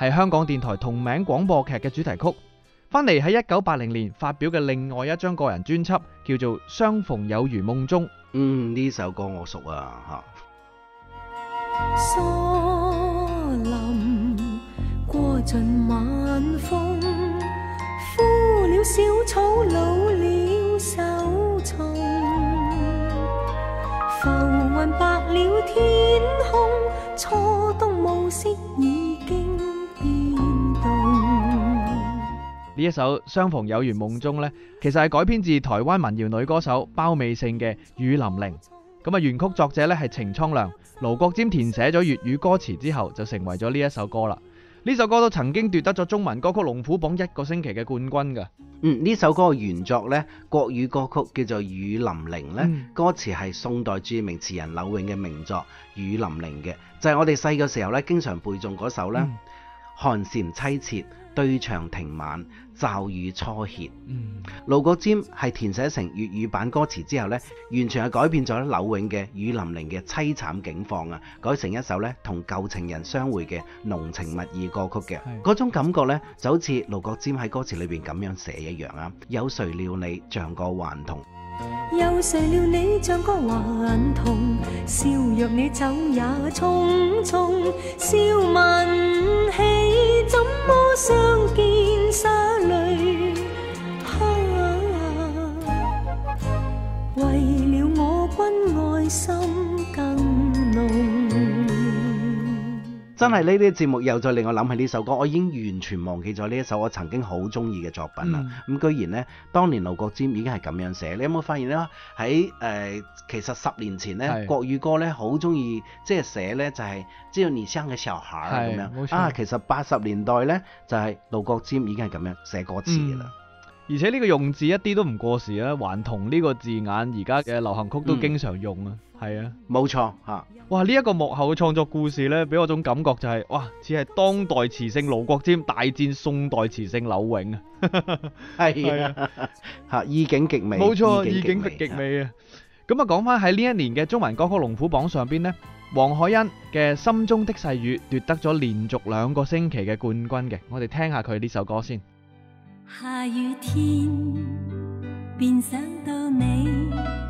係香港電台同名廣播劇嘅主題曲，翻嚟喺一九八零年發表嘅另外一張個人專輯，叫做《相逢有如夢中》。嗯，呢首歌我熟啊，吓、嗯。疏林過盡晚風呢一首《相逢有緣夢中》呢，其實係改編自台灣民謠女歌手包美聖嘅《雨霖鈴》。咁啊，原曲作者咧係程蒼良、盧國尖填寫咗粵語歌詞之後，就成為咗呢一首歌啦。呢首歌都曾經奪得咗中文歌曲龍虎榜一個星期嘅冠軍噶。嗯，呢首歌嘅原作呢，國語歌曲叫做《雨霖鈴》咧、嗯，歌詞係宋代著名詞人柳永嘅名作《雨霖鈴》嘅，就係、是、我哋細嘅時候呢，經常背誦嗰首啦、嗯。寒蟬淒切，對長亭晚。驟雨初歇，嗯，盧國沾係填寫成粵語版歌詞之後呢，完全係改變咗柳永嘅雨霖鈴嘅淒慘境況啊，改成一首呢同舊情人相會嘅濃情蜜意歌曲嘅，嗰種感覺呢，就好似盧國沾喺歌詞裏邊咁樣寫一樣啊，有誰料你像個頑童。有誰料你像歌還痛？笑若你走也匆匆，笑問起怎麼相見灑淚啊？啊，為了我君愛心更濃。真係呢啲節目又再令我諗起呢首歌，我已經完全忘記咗呢一首我曾經好中意嘅作品啦。咁、嗯、居然呢，當年盧國沾已經係咁樣寫。你有冇發現呢？喺誒、呃，其實十年前呢，國語歌呢好中意即係寫呢就係、是、只道年輕嘅時候嚇咁樣。啊，其實八十年代呢就係、是、盧國沾已經係咁樣寫歌詞噶啦、嗯。而且呢個用字一啲都唔過時啦，還同呢個字眼而家嘅流行曲都經常用啊。嗯係啊，冇錯吓，哇！呢、這、一個幕後嘅創作故事呢，俾我種感覺就係、是，哇！似係當代詞聖盧國沾大戰宋代詞聖柳永 啊，係啊，啊，意境極美，冇錯，意境極美啊！咁啊，講翻喺呢一年嘅中文歌曲龍虎榜上邊呢，黃愷欣嘅心中的細雨奪得咗連續兩個星期嘅冠軍嘅，我哋聽下佢呢首歌先。下雨天，便想到你。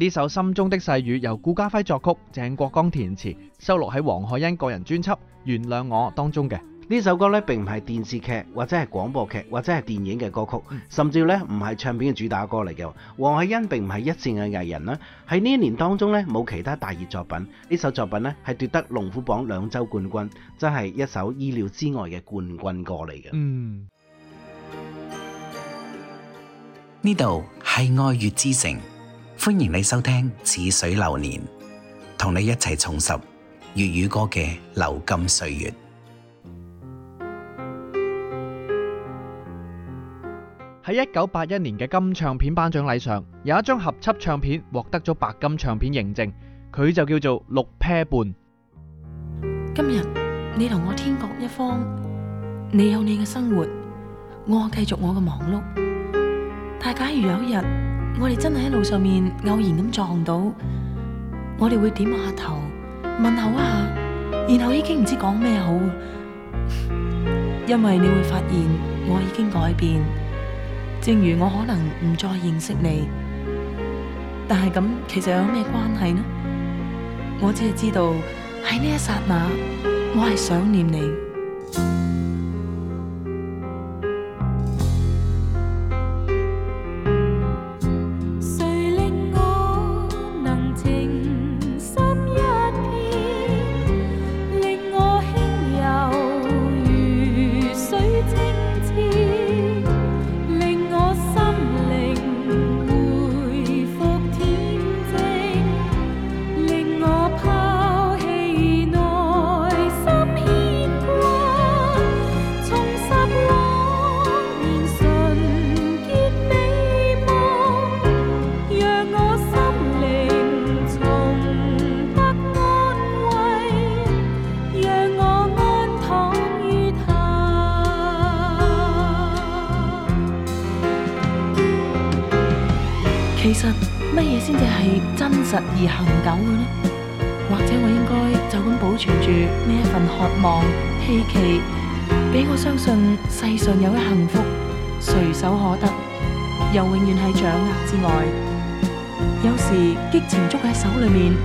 呢首心中的細雨由顧嘉輝作曲，鄭國江填詞，收錄喺黃愷欣個人專輯《原諒我》當中嘅。呢首歌呢並唔係電視劇或者係廣播劇或者係電影嘅歌曲，甚至呢唔係唱片嘅主打歌嚟嘅。黃愷欣並唔係一線嘅藝人啦，喺呢一年當中呢冇其他大熱作品，呢首作品呢係奪得龍虎榜兩周冠軍，真係一首意料之外嘅冠軍歌嚟嘅。嗯，呢度係愛粵之城。歡迎你收聽《似水流年》，同你一齊重拾粵語歌嘅流金歲月。喺一九八一年嘅金唱片頒獎禮上，有一張合輯唱片獲得咗白金唱片認證，佢就叫做《六 pair 半》。今日你同我天各一方，你有你嘅生活，我繼續我嘅忙碌。但係假如有一日，我哋真係喺路上面偶然咁撞到，我哋會點下頭問候一下，然後已經唔知講咩好。因為你會發現我已經改變，正如我可能唔再認識你，但係咁其實有咩關係呢？我只係知道，喺呢一剎那，我係想念你。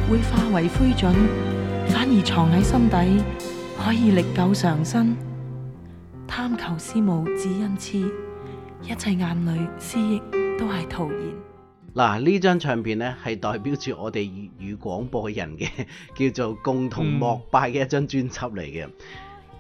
會化為灰燼，反而藏喺心底，可以歷久常新。貪求思慕只因痴，一切眼淚思憶都係徒然。嗱，呢張唱片呢，係代表住我哋粵語廣播人嘅，叫做共同膜拜嘅一張專輯嚟嘅。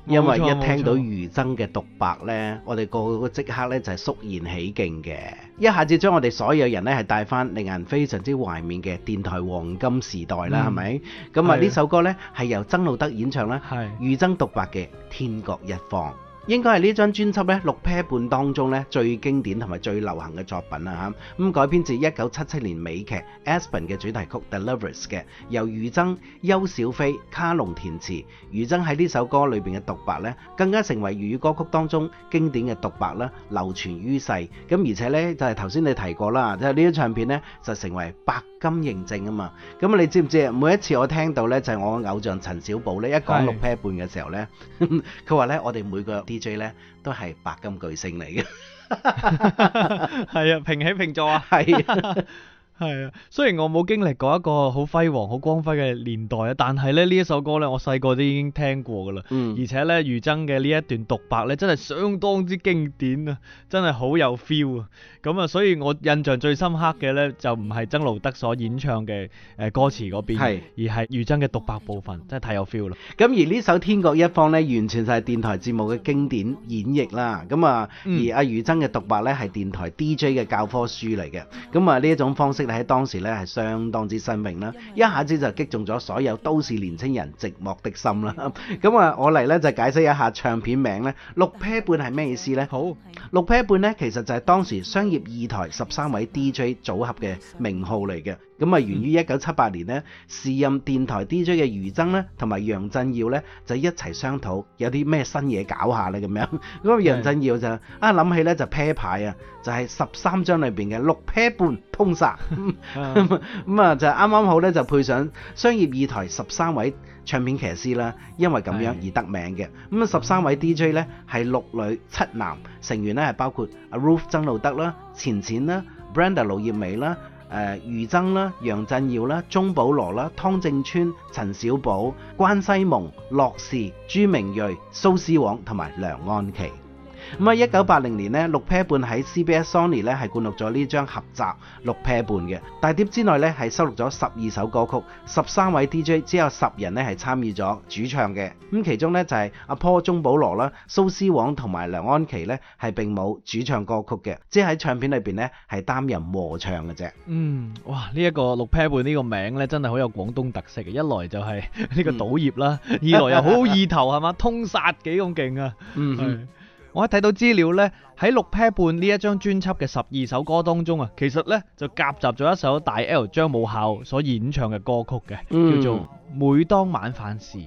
因為一聽到俞琤嘅獨白呢我哋個各個即刻呢就係肅然起敬嘅，一下子將我哋所有人呢係帶翻令人非常之懷念嘅電台黃金時代啦，係、嗯、咪？咁啊，呢首歌呢係由曾路得演唱啦，俞琤獨白嘅《天各一方》。應該係呢張專輯咧，六 Pair 半當中咧，最經典同埋最流行嘅作品啦嚇，咁改編自一九七七年美劇 Aspen 嘅主題曲 The Lovers 嘅，由俞琤、邱小飛、卡龍填詞。俞琤喺呢首歌裏邊嘅獨白咧，更加成為粵語歌曲當中經典嘅獨白啦，流傳於世。咁而且咧，就係頭先你提過啦，即係呢張唱片咧就成為百金認證啊嘛，咁你知唔知啊？每一次我聽到咧，就係我偶像陳少寶咧，一講六 pair 半嘅時候咧，佢話咧，我哋每個 DJ 咧都係白金巨星嚟嘅，係 啊， 平起平坐啊，係。 係啊，雖然我冇經歷過一個好輝煌、好光輝嘅年代啊，但係咧呢這一首歌咧，我細個都已經聽過噶啦、嗯。而且咧，俞琤嘅呢一段獨白咧，真係相當之經典啊，真係好有 feel 啊。咁啊，所以我印象最深刻嘅咧，就唔係曾路得所演唱嘅誒、呃、歌詞嗰邊，係而係俞琤嘅獨白部分，真係太有 feel 啦。咁而呢首《天各一方》咧，完全就係電台節目嘅經典演繹啦。咁啊，嗯、而阿、啊、俞琤嘅獨白咧，係電台 DJ 嘅教科書嚟嘅。咁啊，呢一種方式。喺當時咧係相當之新穎啦，一下子就擊中咗所有都市年輕人寂寞的心啦。咁啊，我嚟咧就解釋一下唱片名咧，《六啤半》係咩意思呢？好，《六啤半》咧其實就係當時商業二台十三位 DJ 組合嘅名號嚟嘅。咁啊，源於一九七八年呢，時任電台 DJ 嘅俞琤咧，同埋楊振耀咧，就一齊商討有啲咩新嘢搞下啦咁樣。咁楊振耀就啊，諗起咧，就啤牌啊，就係十三張裏邊嘅六 pair 半通殺。咁啊，就啱啱好咧，就配上商業二台十三位唱片騎師啦，因為咁樣而得名嘅。咁啊，十三位 DJ 咧係六女七男，成員咧係包括阿 Ruth 曾路得啦、錢錢啦、Brenda 盧業瑂啦。俞琤啦、楊振耀啦、鍾保羅啦、湯正川、陳少寶、關西蒙、樂仕、朱明銳、蘇施黃同埋梁安琪。咁啊，一九八零年咧六 pair 半喺 CBS Sony 咧係灌錄咗呢張合集六 pair 半嘅大碟之內咧係收錄咗十二首歌曲，十三位 DJ，只有十人咧係參與咗主唱嘅。咁其中咧就係阿 Paul 鍾保羅啦、蘇施黃同埋梁安琪咧係並冇主唱歌曲嘅，即係喺唱片裏邊咧係擔任和唱嘅啫。嗯，哇！呢、這、一個六 pair 半呢個名咧真係好有廣東特色嘅，一來就係呢個賭業啦、嗯，二來又好意頭係嘛，通殺幾咁勁啊！嗯。我一睇到資料呢，喺六 pair 半呢一張專輯嘅十二首歌當中啊，其實呢就夾雜咗一首大 L 張武孝所演唱嘅歌曲嘅，叫做《每當晚飯時》。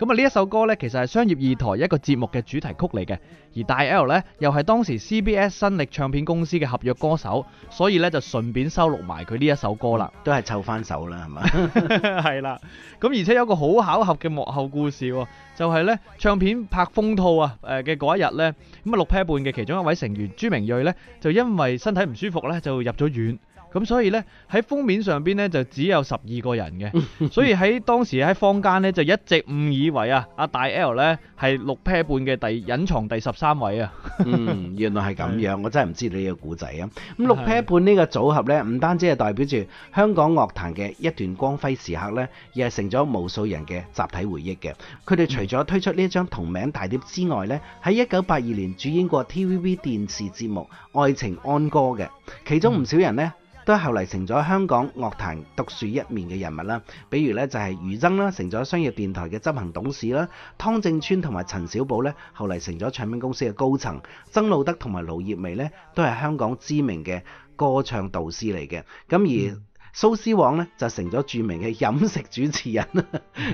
咁啊，呢一首歌咧，其實係商業二台一個節目嘅主題曲嚟嘅，而大 L 咧又係當時 CBS 新力唱片公司嘅合約歌手，所以咧就順便收錄埋佢呢一首歌啦。都係湊翻首啦，係嘛？係啦。咁而且有個好巧合嘅幕後故事喎，就係咧唱片拍風套啊，誒嘅嗰一日咧，咁啊六 pair 半嘅其中一位成員朱明瑞咧就因為身體唔舒服咧就入咗院。咁所以呢，喺封面上邊呢，就只有十二個人嘅， 所以喺當時喺坊間呢，就一直誤以為啊阿大 L 呢係六 pair 半嘅第隱藏第十三位啊、 嗯。原來係咁樣，我真係唔知你呢個故仔啊。咁六 pair 半呢個組合呢，唔單止係代表住香港樂壇嘅一段光輝時刻呢，亦係成咗無數人嘅集體回憶嘅。佢、嗯、哋除咗推出呢張同名大碟之外呢，喺一九八二年主演過 TVB 電視節目《愛情安歌》嘅，其中唔少人呢。嗯都後嚟成咗香港樂壇獨樹一面嘅人物啦，比如咧就係余爭啦，成咗商業電台嘅執行董事啦；湯正川同埋陳小寶咧，後嚟成咗唱片公司嘅高層；曾路德同埋盧業眉咧，都係香港知名嘅歌唱導師嚟嘅。咁而蘇思望咧就成咗著名嘅飲食主持人。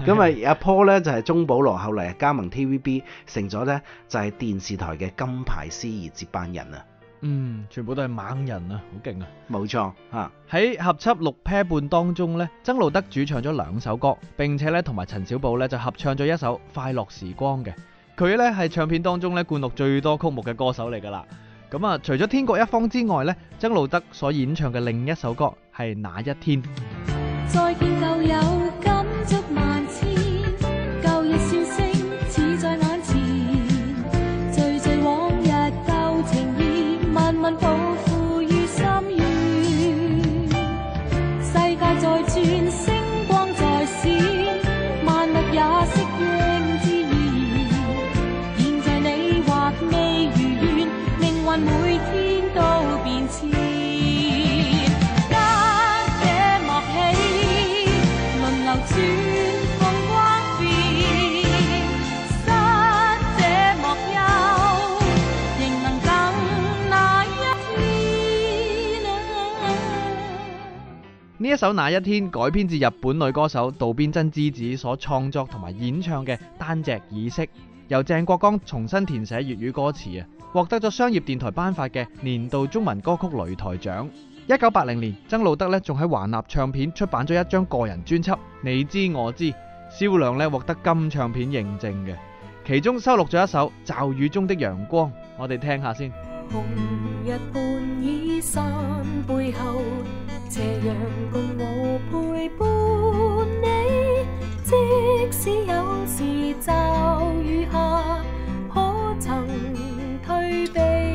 咁啊阿 p a 咧就係宗保羅，後嚟加盟 TVB，成咗咧就係電視台嘅金牌司儀接班人啊！嗯，全部都係猛人啊，好勁啊！冇錯，吓、啊、喺合輯六 pair 半當中呢，曾路德主唱咗兩首歌，並且咧同埋陳小寶咧就合唱咗一首《快樂時光》嘅。佢呢係唱片當中咧灌錄最多曲目嘅歌手嚟噶啦。咁啊，除咗《天各一方》之外呢，曾路德所演唱嘅另一首歌係《那一天》。再見就有呢一首《那一天》改編自日本女歌手渡邊真知子所創作同埋演唱嘅單隻耳飾，由鄭國江重新填寫粵語歌詞啊，獲得咗商業電台頒發嘅年度中文歌曲擂台獎。一九八零年，曾路得咧仲喺華納唱片出版咗一張個人專輯《你知我知》，銷量咧獲得金唱片認證嘅，其中收錄咗一首《驟雨中的陽光》，我哋聽下先。紅日半倚山背後，斜陽共我陪伴你。即使有時驟雨下，可曾退避？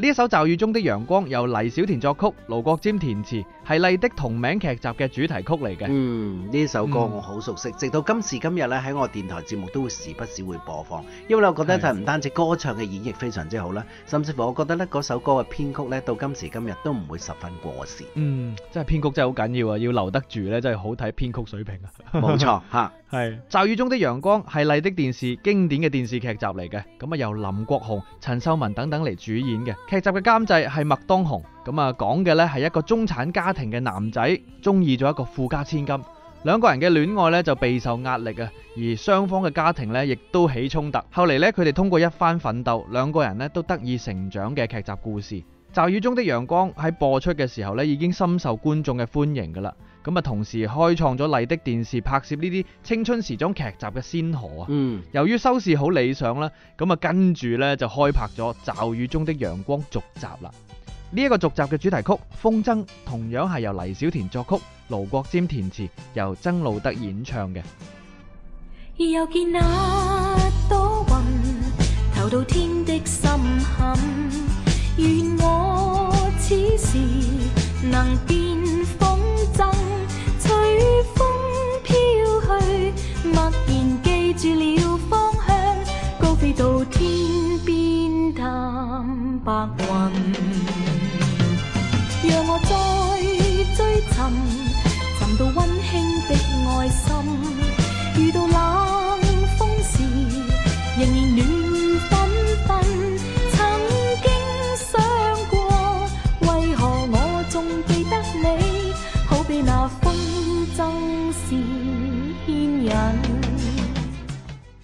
呢一首《驟雨中的陽光》由黎小田作曲，盧國沾填詞，係麗的同名劇集嘅主題曲嚟嘅。嗯，呢首歌我好熟悉，嗯，直到今時今日咧，喺我電台節目都會時不時會播放，因為我覺得就唔單止歌唱嘅演繹非常之好啦，甚至乎我覺得咧首歌嘅編曲咧到今時今日都唔會十分過時。嗯，真係編曲真係好緊要啊，要留得住咧真係好睇編曲水平啊。冇 錯沒錯，吓。 係《驟雨中的陽光》係麗的電視經典嘅電視劇集嚟嘅，咁啊由林國雄、陳秀雯等等嚟主演嘅。劇集嘅監製係麥當雄，咁啊講嘅咧係一個中產家庭嘅男仔中意咗一個富家千金，兩個人嘅戀愛咧就備受壓力啊，而雙方嘅家庭咧亦都起衝突。後嚟咧佢哋通過一番奮鬥，兩個人咧都得以成長嘅劇集故事。《驟雨中的陽光》喺播出嘅時候咧已經深受觀眾嘅歡迎噶啦。咁啊，同時開創咗麗的電視拍攝呢啲青春時裝劇集嘅先河啊！由於收視好理想啦，咁啊跟住呢就開拍咗《驟雨中的陽光》續集啦。呢一個續集嘅主題曲《風箏》，同樣係由黎小田作曲、盧國沾填詞，由曾路得演唱嘅。又見那朵雲，投到天的深痕，願我此時能變。住了方向，高飛到天邊探白雲。讓我再追尋，尋到温馨的愛心，遇到那。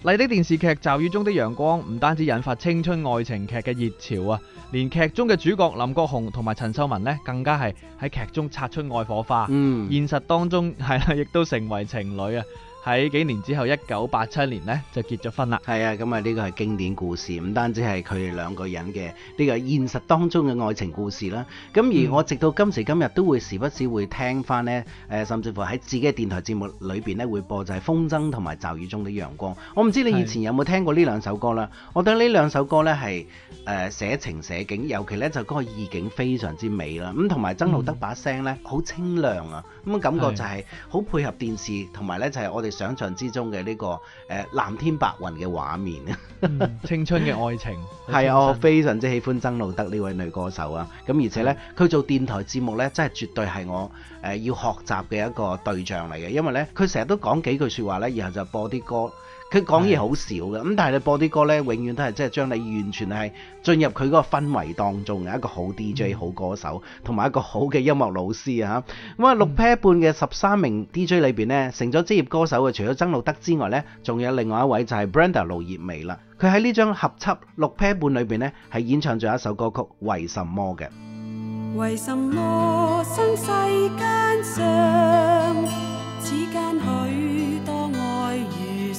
麗的電視劇《驟雨中的陽光》唔單止引發青春愛情劇嘅熱潮啊，連劇中嘅主角林國雄同埋陳秀雯呢，更加係喺劇中擦出愛火花，現實當中係啦，亦都成為情侶啊！喺幾年之後，一九八七年呢，就結咗婚啦。係啊，咁啊呢個係經典故事，唔單止係佢哋兩個人嘅呢個現實當中嘅愛情故事啦。咁而我直到今時今日都會時不時會聽翻呢，誒甚至乎喺自己嘅電台節目裏邊呢，會播就係《風箏》同埋《驟雨中的陽光》。我唔知你以前有冇聽過呢兩首歌啦？我覺得呢兩首歌呢，係誒寫情寫景，尤其呢就嗰個意境非常之美啦。咁同埋曾路得把聲呢，好清亮啊，咁感覺就係好配合電視，同埋呢就係我哋。想象之中嘅呢、這個誒、呃、藍天白雲嘅畫面，嗯、 青春嘅愛情係啊！我非常之喜歡曾路得呢位女歌手啊！咁而且呢，佢、嗯、做電台節目呢，真係絕對係我誒、呃、要學習嘅一個對象嚟嘅，因為呢，佢成日都講幾句説話呢，然後就播啲歌。佢講嘢好少嘅，咁但係你播啲歌呢，永遠都係即係將你完全係進入佢嗰個氛圍當中嘅一個好 DJ、好歌手，同埋一個好嘅音樂老師啊！咁啊，六 pair 半嘅十三名 DJ 裏邊呢，成咗職業歌手嘅，除咗曾路得之外呢，仲有另外一位就係 Brenda 盧業瑂啦。佢喺呢張合輯六 pair 半裏邊呢，係演唱咗一首歌曲《為什麼》嘅。為什麼新世間上此間許？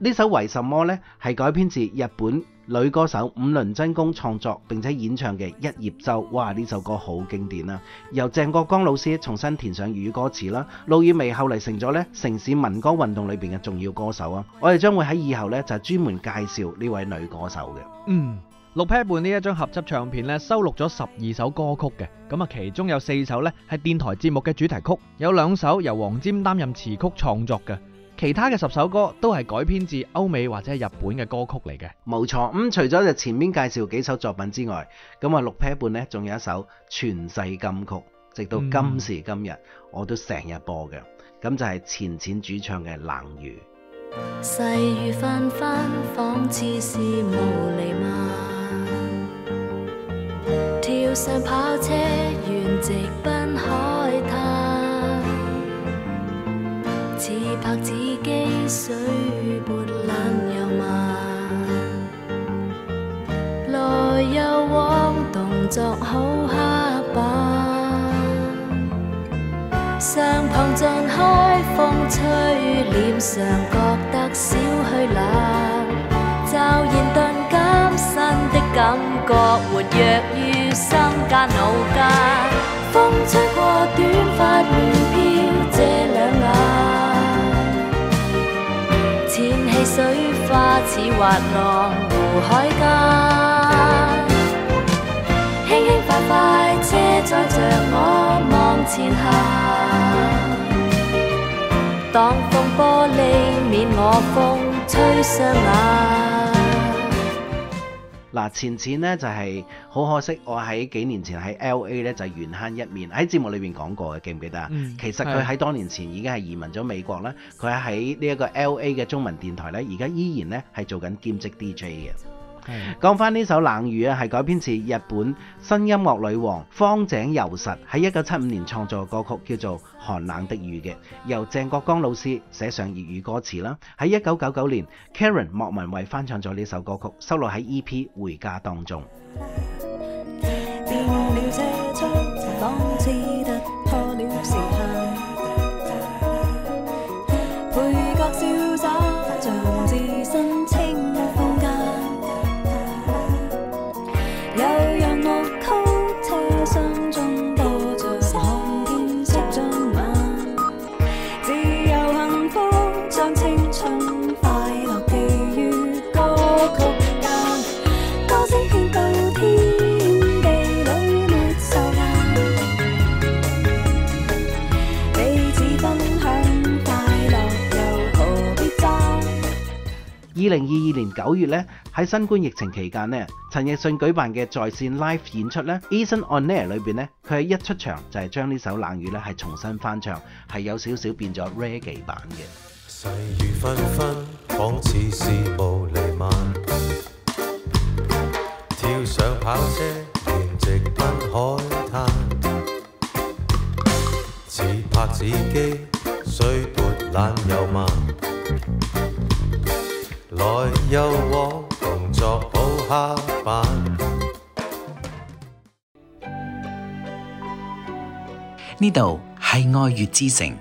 呢首為什麼呢，係改編自日本女歌手五輪真弓創作並且演唱嘅《一葉舟》。哇！呢首歌好經典啊！由鄭國江老師重新填上粵語歌詞啦。盧業瑂後嚟成咗咧城市民歌運動裏邊嘅重要歌手啊。我哋將會喺以後咧就專門介紹呢位女歌手嘅。嗯，《六 Pair 半》呢一張合輯唱片咧，收錄咗十二首歌曲嘅。咁啊，其中有四首咧係電台節目嘅主題曲，有兩首由黃霑擔任詞曲創作嘅。其他嘅十首歌都係改編自歐美或者日本嘅歌曲嚟嘅，冇、嗯、錯。咁除咗就前面介紹幾首作品之外，咁啊六 pair 半呢，仲有一首傳世金曲，直到今時今日、嗯、我都成日播嘅，咁就係錢錢主唱嘅《冷雨》。 似拍子機，水般懶又慢，來又往，動作好黑白。上棚盡開，風吹臉上，覺得少許冷。驟然頓減，新的感覺活躍於心間腦間。風吹過，短髮似滑浪湖海間，輕輕快快車載着我望前行。擋風玻璃免我風吹雙眼。嗱，錢錢咧就係好可惜，我喺幾年前喺 L A 咧就係緣慳一面，喺節目裏面講過嘅，記唔記得啊、嗯？其實佢喺多年前已經係移民咗美國啦，佢喺呢一個 L A 嘅中文電台咧，而家依然咧係做緊兼職 DJ 嘅。講翻呢首冷雨啊，係改編自日本新音樂女王荒井由實喺一九七五年創作嘅歌曲，叫做《寒冷的雨》嘅，由鄭國江老師寫上粵語歌詞啦。喺一九九九年，Karen 莫文蔚翻唱咗呢首歌曲，收錄喺 EP《回家》當中。 二零二二年九月呢，喺新冠疫情期間，呢陳奕迅舉辦嘅在線 live 演出呢《Eason On Air》裏面，呢佢一出場就係將呢首冷雨呢係重新翻唱，係有少少變咗 reggae 版嘅。細來又往，同作好下板，嗯。呢度係愛粵之城，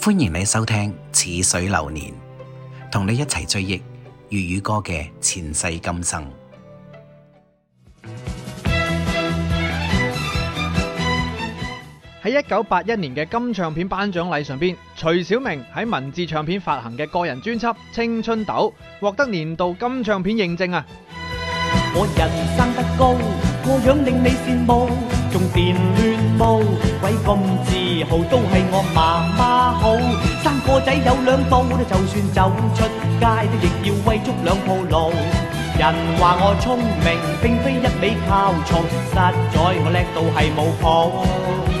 歡迎你收聽《似水流年》，同你一齊追憶粵語歌嘅前世今生。喺一九八一年嘅金唱片頒獎禮上邊，徐小明喺文字唱片發行嘅個人專輯《青春豆》獲得年度金唱片認證啊！我人生得高，個樣令你羨慕，仲電亂毛鬼咁自豪，都係我媽媽好，生個仔有兩刀，我就算走出街都亦要威足兩鋪路。人話我聰明，並非一味靠聰，實在我叻到係冇譜。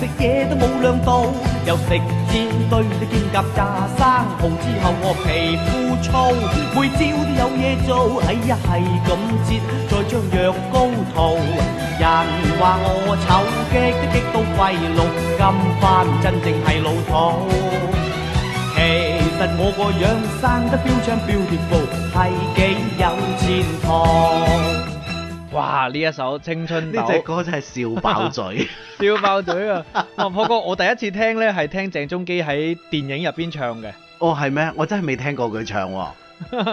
食嘢都冇量度，又食煎堆啲煎甲炸生蠔，之後我皮膚粗，每朝都有嘢做，哎呀係咁折，再將藥膏塗。人話我醜極都激到肺綠金番，真正係老土。其實我個樣生得標槍標鐵步，係幾有前途。哇！呢一首青春豆，呢隻歌真係笑爆嘴，笑爆嘴啊！阿 Paul 哥，我第一次聽咧係聽鄭中基喺電影入邊唱嘅。哦，係咩？我真係未聽過佢唱。佢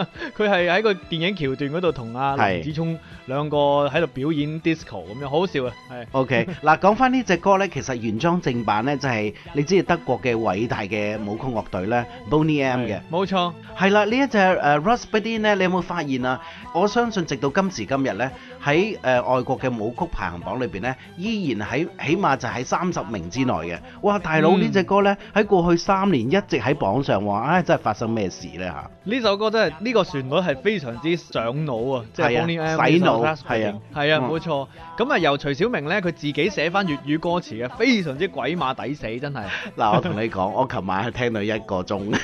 係喺個電影橋段嗰度同阿林子聰兩個喺度表演 disco 咁樣，好好笑啊！係。O K 嗱，講翻呢隻歌咧，其實原裝正版咧就係你知，德國嘅偉大嘅舞曲樂隊咧 Boney M 嘅。冇錯，係啦。呢一隻誒 Rasputin 咧，你有冇發現啊？我相信直到今時今日咧。喺誒、呃、外國嘅舞曲排行榜裏邊呢，依然喺起碼就喺三十名之內嘅。哇！大佬呢隻歌呢，喺過去三年一直喺榜上喎。唉、哎，真係發生咩事呢？嚇？呢首歌真係呢、呢個旋律係非常之上腦的啊！即係洗腦係啊，係啊，冇、嗯、錯。咁啊，由徐小明呢，佢自己寫翻粵語歌詞啊，非常之鬼馬抵死，真係。嗱， 我同你講，我琴晚係聽到一個鐘。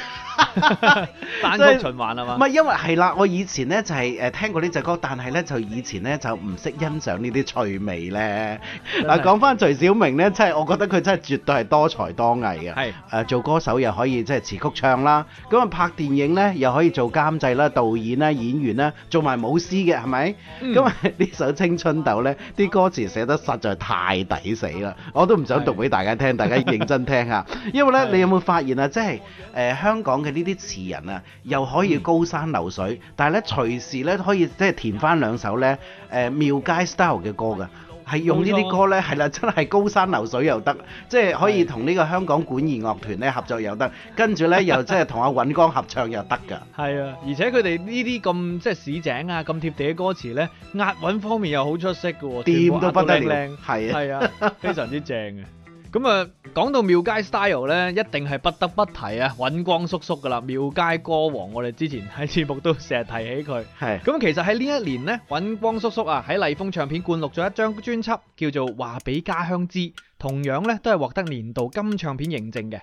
單 曲循環啊嘛，唔係因為係啦，我以前呢，就係、是、誒、呃、聽過呢隻歌，但係呢，就以前呢，就唔識欣賞呢啲趣味呢。嗱，講翻徐小明呢，真係我覺得佢真係絕對係多才多藝嘅。係、呃、做歌手又可以即係、就是、詞曲唱啦，咁啊拍電影呢，又可以做監製啦、導演啦、演員啦，做埋武師嘅係咪？咁啊呢首《青春豆》呢，啲歌詞寫得實在太抵死啦！我都唔想讀俾大家聽，大家認真聽下，因為呢，你有冇發現啊？即係誒、呃、香港，呢啲詞人啊，又可以高山流水，嗯、但係咧隨時咧可以即係填翻兩首咧誒、呃、廟街 style 嘅歌噶，係用這些呢啲歌咧係啦，真係高山流水又得，即係可以同呢個香港管弦樂團咧合作又得，跟住咧又即係同阿尹光合唱又得㗎。係啊，而且佢哋呢啲咁即係市井啊，咁貼地嘅歌詞咧，押韻方面又好出色嘅喎、啊，掂都不得了，係啊， 非常之正啊！咁啊，講到廟街 style 咧，一定係不得不提啊，尹光叔叔噶啦，廟街歌王，我哋之前喺節目都成日提起佢。係。咁其實喺呢一年咧，尹光叔叔啊喺麗風唱片灌錄咗一張專輯，叫做《話俾家鄉知》，同樣咧都係獲得年度金唱片認證嘅。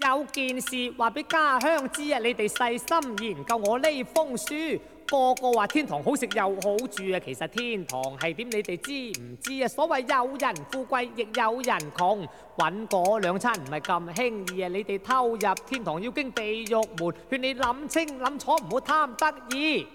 有件事話俾家鄉知啊，你哋細心研究我呢封書，個個話天堂好食又好住啊，其實天堂係點你哋知唔知啊？所謂有人富貴，亦有人窮，搵嗰兩餐唔係咁輕易啊！你哋偷入天堂要經地獄門，勸你諗清諗楚，唔好貪得意。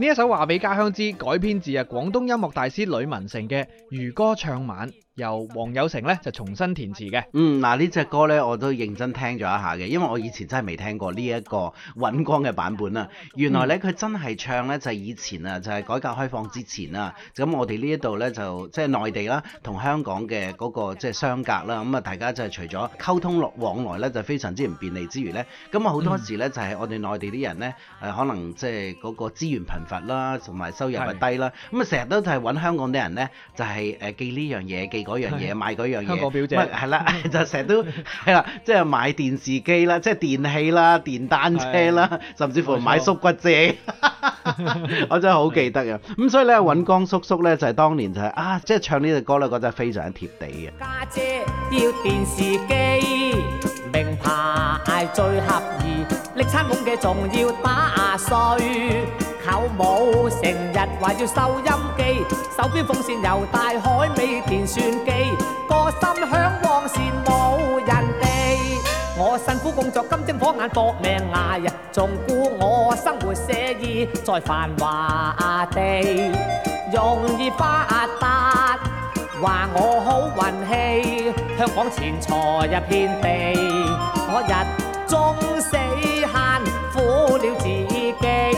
呢一首話俾家鄉知，改編自啊廣東音樂大師呂文成嘅《漁歌唱晚》，由黃有成咧就重新填詞嘅。嗯，嗱、啊、呢隻歌咧我都認真聽咗一下嘅，因為我以前真係未聽過呢一個尹光嘅版本啦。原來咧佢、嗯、真係唱咧就係、是、以前啊就係、是、改革開放之前啊。咁我哋呢一度咧就即係內地啦，同香港嘅嗰個即係相隔啦。咁啊大家就係除咗溝通落往來咧就非常之唔便利之餘咧，咁啊好多時咧就係、是、我哋內地啲人咧誒可能即係嗰個資源貧乏啦，同埋收入咪低啦，咁啊成日都係揾香港啲人呢，就係、是、誒寄呢樣嘢，寄嗰樣嘢，買嗰樣嘢。香港表姐，係、嗯、啦，就成日都係啦，即、就、係、是、買電視機啦，即、就、係、是、電器啦，電單車啦，是甚至乎買縮骨遮， 我真係好記得嘅。咁所以呢，尹光叔叔呢，就係、是、當年就係、是、啊，即、就、係、是、唱呢隻歌呢，覺得非常之貼地嘅。家姐，姐要電視機，名牌最合意，力參工嘅仲要打碎、啊。舞成日話要收音機，手邊風扇由大海未電算機，個心向往羨慕人哋，我辛苦工作，金睛火眼搏命挨、啊，仲顧我生活寫意在繁華地，容易發達，話我好運氣，香港錢財一片地，我日終死慳苦了自己。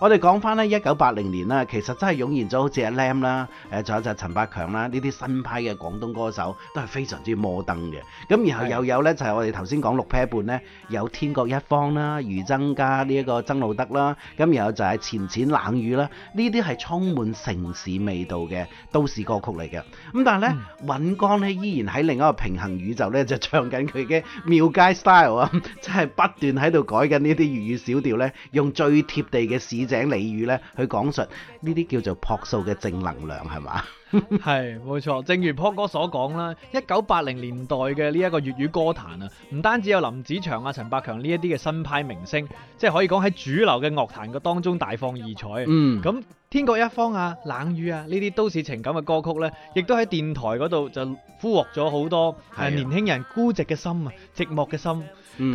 我哋講翻咧，一九八零年啦，其實真係湧現咗好似阿 Lam 啦，誒，仲有就係陳百強啦，呢啲新派嘅廣東歌手都係非常之摩登嘅。咁然後又有咧，就係我哋頭先講六啤半咧，有《天各一方》啦，俞琤加呢一個曾路得啦，咁然後就係錢錢《冷雨》啦，呢啲係充滿城市味道嘅都市歌曲嚟嘅。咁但係咧，尹光咧依然喺另一個平衡宇宙咧，就唱緊佢嘅《廟街 style》啊，即係不斷喺度改緊呢啲粵語小調咧，用最貼地嘅市井俚語咧，去講述呢啲叫做朴素嘅正能量，係嘛？係 冇錯，正如 Paul 哥所講啦，一九八零年代嘅呢一個粵語歌壇啊，唔單止有林子祥啊、陳百強呢一啲嘅新派明星，即係可以講喺主流嘅樂壇嘅當中大放異彩。嗯，咁《天各一方》啊、《冷雨》啊呢啲都市情感嘅歌曲呢，亦都喺電台嗰度就俘獲咗好多年輕人孤寂嘅心啊、寂寞嘅心。咁、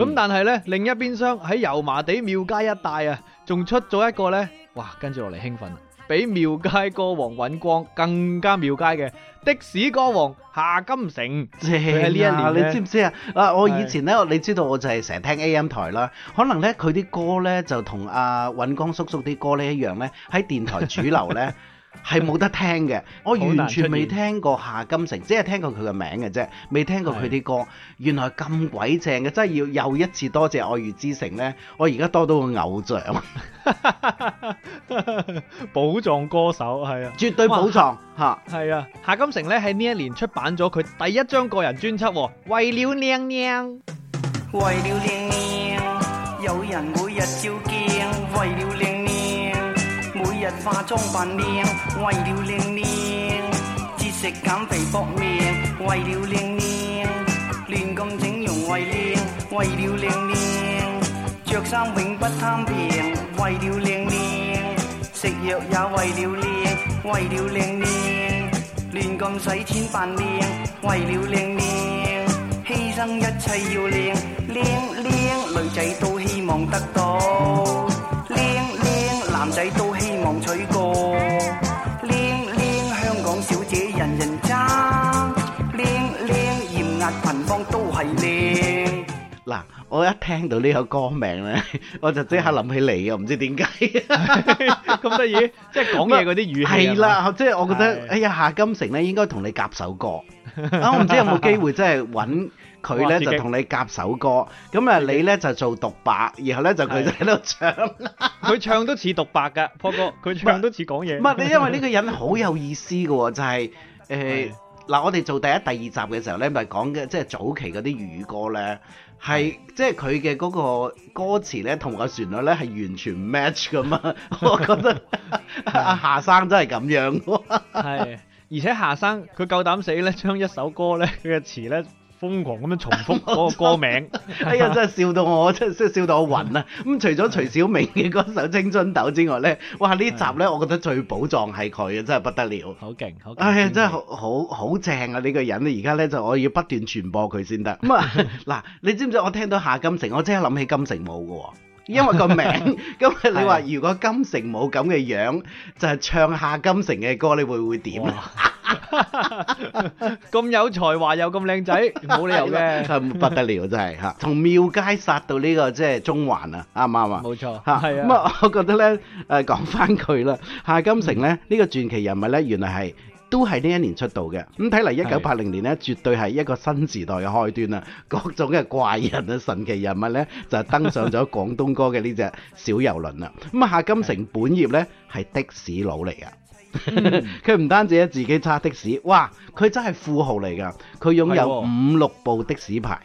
嗯、但係呢，另一邊廂喺油麻地廟街一帶啊。仲出咗一個呢，哇！跟住落嚟興奮，比廟街歌王尹光更加廟街嘅的，的士歌王夏金城，呢一年，你知唔知啊？嗱，我以前呢，你知道，我，你知道我就係成日聽 AM 台啦，可能呢，佢啲歌呢，就同阿尹光叔叔啲歌呢一樣呢喺電台主流呢。 係冇得聽嘅， 我完全未聽過夏金城，只係聽過佢嘅名嘅啫，未聽過佢啲歌。原來咁鬼正嘅，真係要又一次多謝愛粵之城呢。我而家多到個偶像， 寶藏歌手係啊，絕對寶藏嚇，係啊！夏金城呢，喺呢一年出版咗佢第一張個人專輯《為了靚靚》，為了靚，有人每日照鏡，為了靚。日化妝扮靚，為了靚靚，節食減肥搏命，為了靚靚，亂咁整容為靚，為了靚靚，着衫永不貪便，為了靚靚，食藥也為了靚，為了靚靚，亂咁使錢扮靚，為了靚靚，犧牲一切要靚靚靚，女仔都希望得到，靚靚男仔都希靚靚香港小姐人人爭，靚靚艷壓群芳都係靚。嗱，我一聽到呢首歌名咧，我就即刻諗我 有 即刻諗起你，嘅，唔知點解咁得意，即係講嘢嗰啲語氣。係啦，即係我覺得，哎呀，夏金城咧應該同你夾首歌，啊，我唔知有冇機會即係搵。佢咧就同你夾首歌，咁啊你咧、嗯、就做獨白，然後咧就佢就喺度唱。佢唱都似獨白噶，波 哥，佢唱都似講嘢。唔係你， 因為呢個人好有意思嘅喎，就係誒嗱，我哋做第一、第二集嘅時候咧，咪、就是、講嘅即係早期嗰啲粵語歌咧，係即係佢嘅嗰個歌詞咧，同個旋律咧係完全 match 㗎嘛。 我覺得阿夏、啊、生真係咁樣、啊，係 而且夏生佢夠膽死咧，將一首歌咧佢嘅詞咧，瘋狂咁樣重複嗰個歌名， 哎呀真係笑到我真係笑到我暈啊！咁 除咗徐小明嘅嗰首《青春豆》之外呢，哇呢集呢，我覺得最寶藏係佢啊，真係不得了，好勁，好勁，哎呀真係好好正啊！呢、這個人咧，而家呢，就我要不斷傳播佢先得。咁啊嗱，你知唔知我聽到夏金城，我即刻諗起金城武嘅喎。 因為個名，因為你話如果金城冇咁嘅樣，樣、啊，就係、是、唱夏金城嘅歌，你會會點咧？咁 有才華又咁靚仔，冇 理由嘅，不得了真係嚇， 從廟街殺到呢、這個即係、就是、中環 是啊，啱唔啱啊？冇錯，咁啊，我覺得咧，誒講翻佢啦，夏金城咧呢 個傳奇人物咧，原來係。都係呢一年出道嘅，咁睇嚟一九八零年咧，絕對係一個新時代嘅開端啦。各種嘅怪人啊、神奇人物呢，就登上咗廣東歌嘅呢隻小遊輪啦。咁啊，夏金城本業呢，係的士佬嚟噶，佢、嗯、唔 單止自己揸的士，哇，佢真係富豪嚟噶，佢擁有五六部的士牌，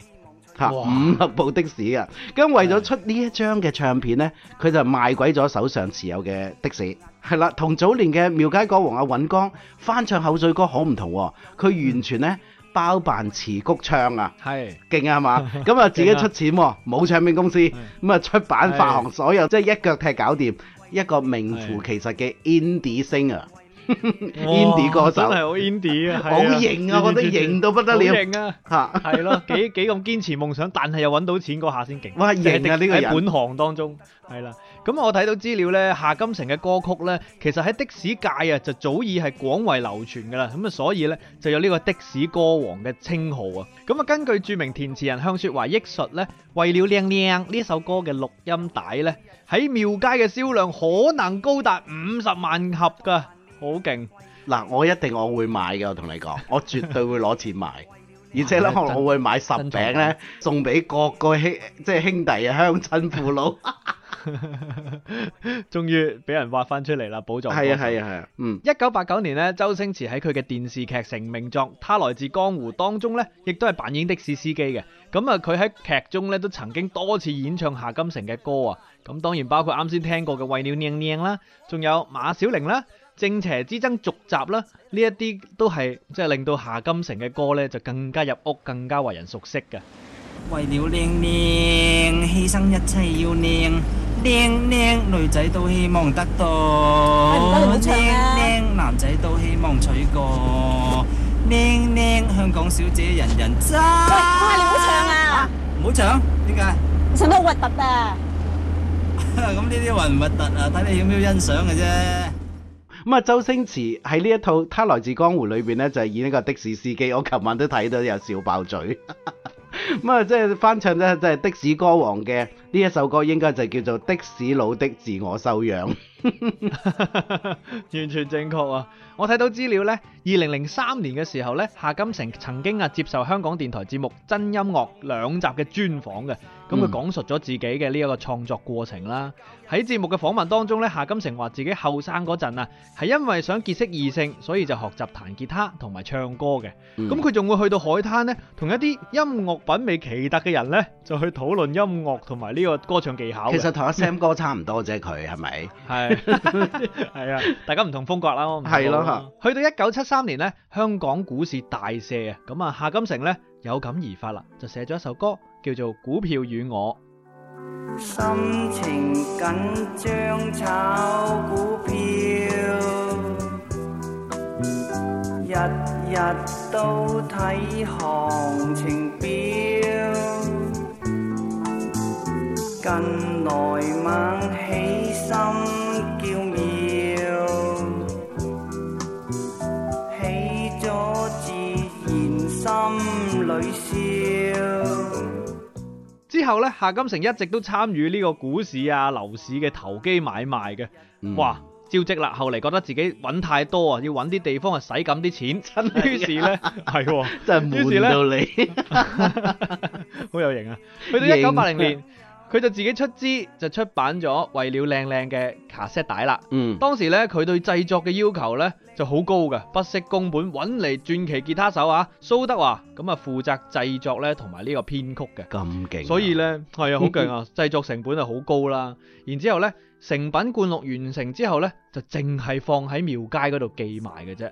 吓五六部的士啊。咁為咗出呢一張嘅唱片呢，佢就賣鬼咗手上持有嘅的，的士。係啦，同早年嘅廟街歌王阿尹光翻唱口水歌好唔同、啊，佢完全咧包辦詞曲唱啊，係勁啊嘛！咁啊自己出錢、啊，冇唱片公司，咁啊出版發行，所有即係、就是、一腳踢搞掂，一個名符其實嘅 indie singer 啊，indie 歌手真係好 indie 啊，好型啊，啊，啊，我覺得型到不得了，型啊，係咯、啊，幾幾咁堅持夢想，但係又搵到錢嗰下先勁，哇，型啊呢、這個人本行當中，係啦、啊。咁啊，我睇到資料咧，夏金城嘅歌曲咧，其實喺的士界啊，就早已係廣為流傳噶啦。咁啊，所以咧就有呢個的士歌王嘅稱號啊。咁啊，根據著名填詞人向雪華憶述咧，為了《靚靚》呢首歌嘅錄音帶咧，喺廟街嘅銷量可能高達五十萬盒噶，好勁！嗱，我一定我會買嘅，我同你講，我絕對會攞錢買，而且咧我會買十餅咧送俾各個兄即係兄弟啊、鄉親父老。終於俾人挖翻出嚟，啦寶藏係啊係啊係啊，嗯，一九八九年呢，周星馳喺佢嘅電視劇成名作《他來自江湖》當中呢，亦都係扮演的士司機嘅。咁啊佢喺劇中呢，都曾經多次演唱夏金城嘅歌啊，咁當然包括啱先聽過嘅《為了靚靚》啦，仲有馬小靈啦，《正邪之爭》續集啦，呢一啲都係即係令到夏金城嘅歌呢，就更加入屋，更加為人熟悉嘅。為了靚靚，犧牲一切要靚。靚靚女仔都希望得到靚靚，男仔都希望娶過靚靚，香港小姐人人爭。喂，你唔好唱啊！唔好唱？點解？你唱得好核突啊！咁呢啲話唔核突啊？睇你要唔要欣賞嘅啫。咁啊，周星馳喺呢一套《他來自江湖》裏邊咧，就係演一個的士司機。我琴晚都睇到有笑爆嘴。咁啊，即係翻唱咧，即係的士歌王嘅。呢一首歌應該就叫做《的士佬的自我修養》。 完全正確啊。我睇到資料呢，二零零三年嘅時候呢，夏金城曾經啊接受香港電台節目《真音樂》兩集嘅專訪嘅，咁佢講述咗自己嘅呢一個創作過程啦。喺節目嘅訪問當中呢，夏金城話自己後生嗰陣啊，係因為想結識異性，所以就學習彈吉他同埋唱歌嘅。咁佢仲會去到海灘呢，同一啲音樂品味奇特嘅人呢，就去討論音樂同埋呢個歌唱技巧。其實同阿 Sam 哥差唔多啫，佢係咪？係。 係啊，大家唔同風格啦。係咯，去到一九七三年呢，香港股市大瀉啊，咁啊，夏金城呢有感而發啦，就寫咗一首歌，叫做《股票與我》。心情緊張炒股票，日日都睇行情表，近來猛起心。後咧，夏金城一直都參與呢個股市啊、樓市嘅投機買賣嘅、嗯，哇！招積啦，後嚟覺得自己揾太多啊，要揾啲地方啊，使咁啲錢。於、嗯、是咧，係、 哦，真係悶到你， 好有型啊！ 去到一九八零年。佢就自己出資就出版咗，為了靚靚嘅卡式帶啦。嗯，當時咧佢對製作嘅要求咧就好高嘅，不惜工本揾嚟傳奇吉他手啊蘇德華咁啊負責製作咧同埋呢個編曲嘅。咁勁！所以咧係啊，好勁啊、嗯！製作成本就好高啦。然之後咧成品灌錄完成之後咧就淨係放喺廟街嗰度寄賣嘅啫。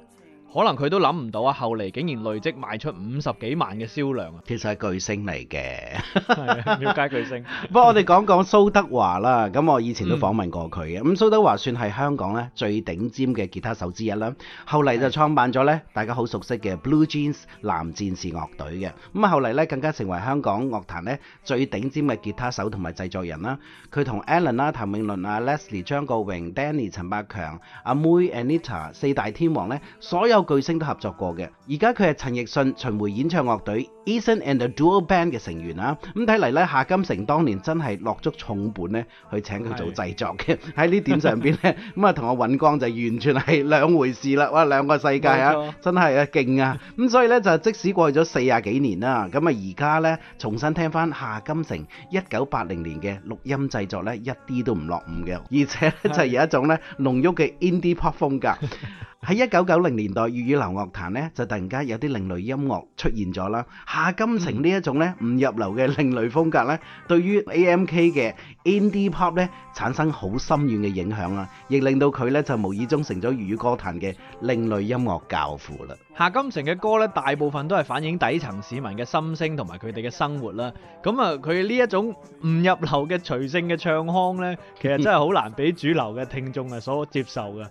可能佢都諗唔到啊，後嚟竟然累積賣出五十幾萬嘅銷量啊！其實係巨星嚟嘅， 了解巨星 不過我哋講講蘇德華啦，咁我以前都訪問過佢嘅。咁、嗯、蘇德華算係香港咧最頂尖嘅吉他手之一啦。後嚟就創辦咗咧大家好熟悉嘅 Blue Jeans 藍戰士樂隊嘅。咁後嚟咧更加成為香港樂壇咧最頂尖嘅吉他手同埋製作人啦。佢同 Alan 啦、啊，譚詠麟啊、Leslie 張國榮 Danny 陳百強，阿、啊、妹 Anita 四大天王咧所有。巨星都合作過嘅，而家佢係陳奕迅巡回演唱樂隊 Eason and the Duo Band 嘅成員啊，咁睇嚟咧，夏金城當年真係落足重本咧，去請佢做製作嘅。喺呢點上邊咧，咁啊同阿尹光就完全係兩回事啦，哇兩個世界啊， 真係啊勁啊！咁所以咧就即使過去咗四十幾年啦，咁啊而家咧重新聽翻夏金城一九八零年嘅錄音製作咧，一啲都唔落伍嘅，而且咧 就係有一種咧濃郁嘅 indie pop 風格。 喺一九九零年代，粵語流樂壇咧就突然間有啲另類音樂出現咗啦。夏金城呢一種咧唔入流嘅另類風格咧，對於 A.M.K 嘅 Indie Pop 咧產生好深遠嘅影響啦，亦令到佢咧就無意中成咗粵語歌壇嘅另類音樂教父啦。夏金城嘅歌咧，大部分都係反映底層市民嘅心聲同埋佢哋嘅生活啦。咁啊，佢呢一種唔入流嘅隨性嘅唱腔咧，其實真係好難俾主流嘅聽眾啊所接受噶。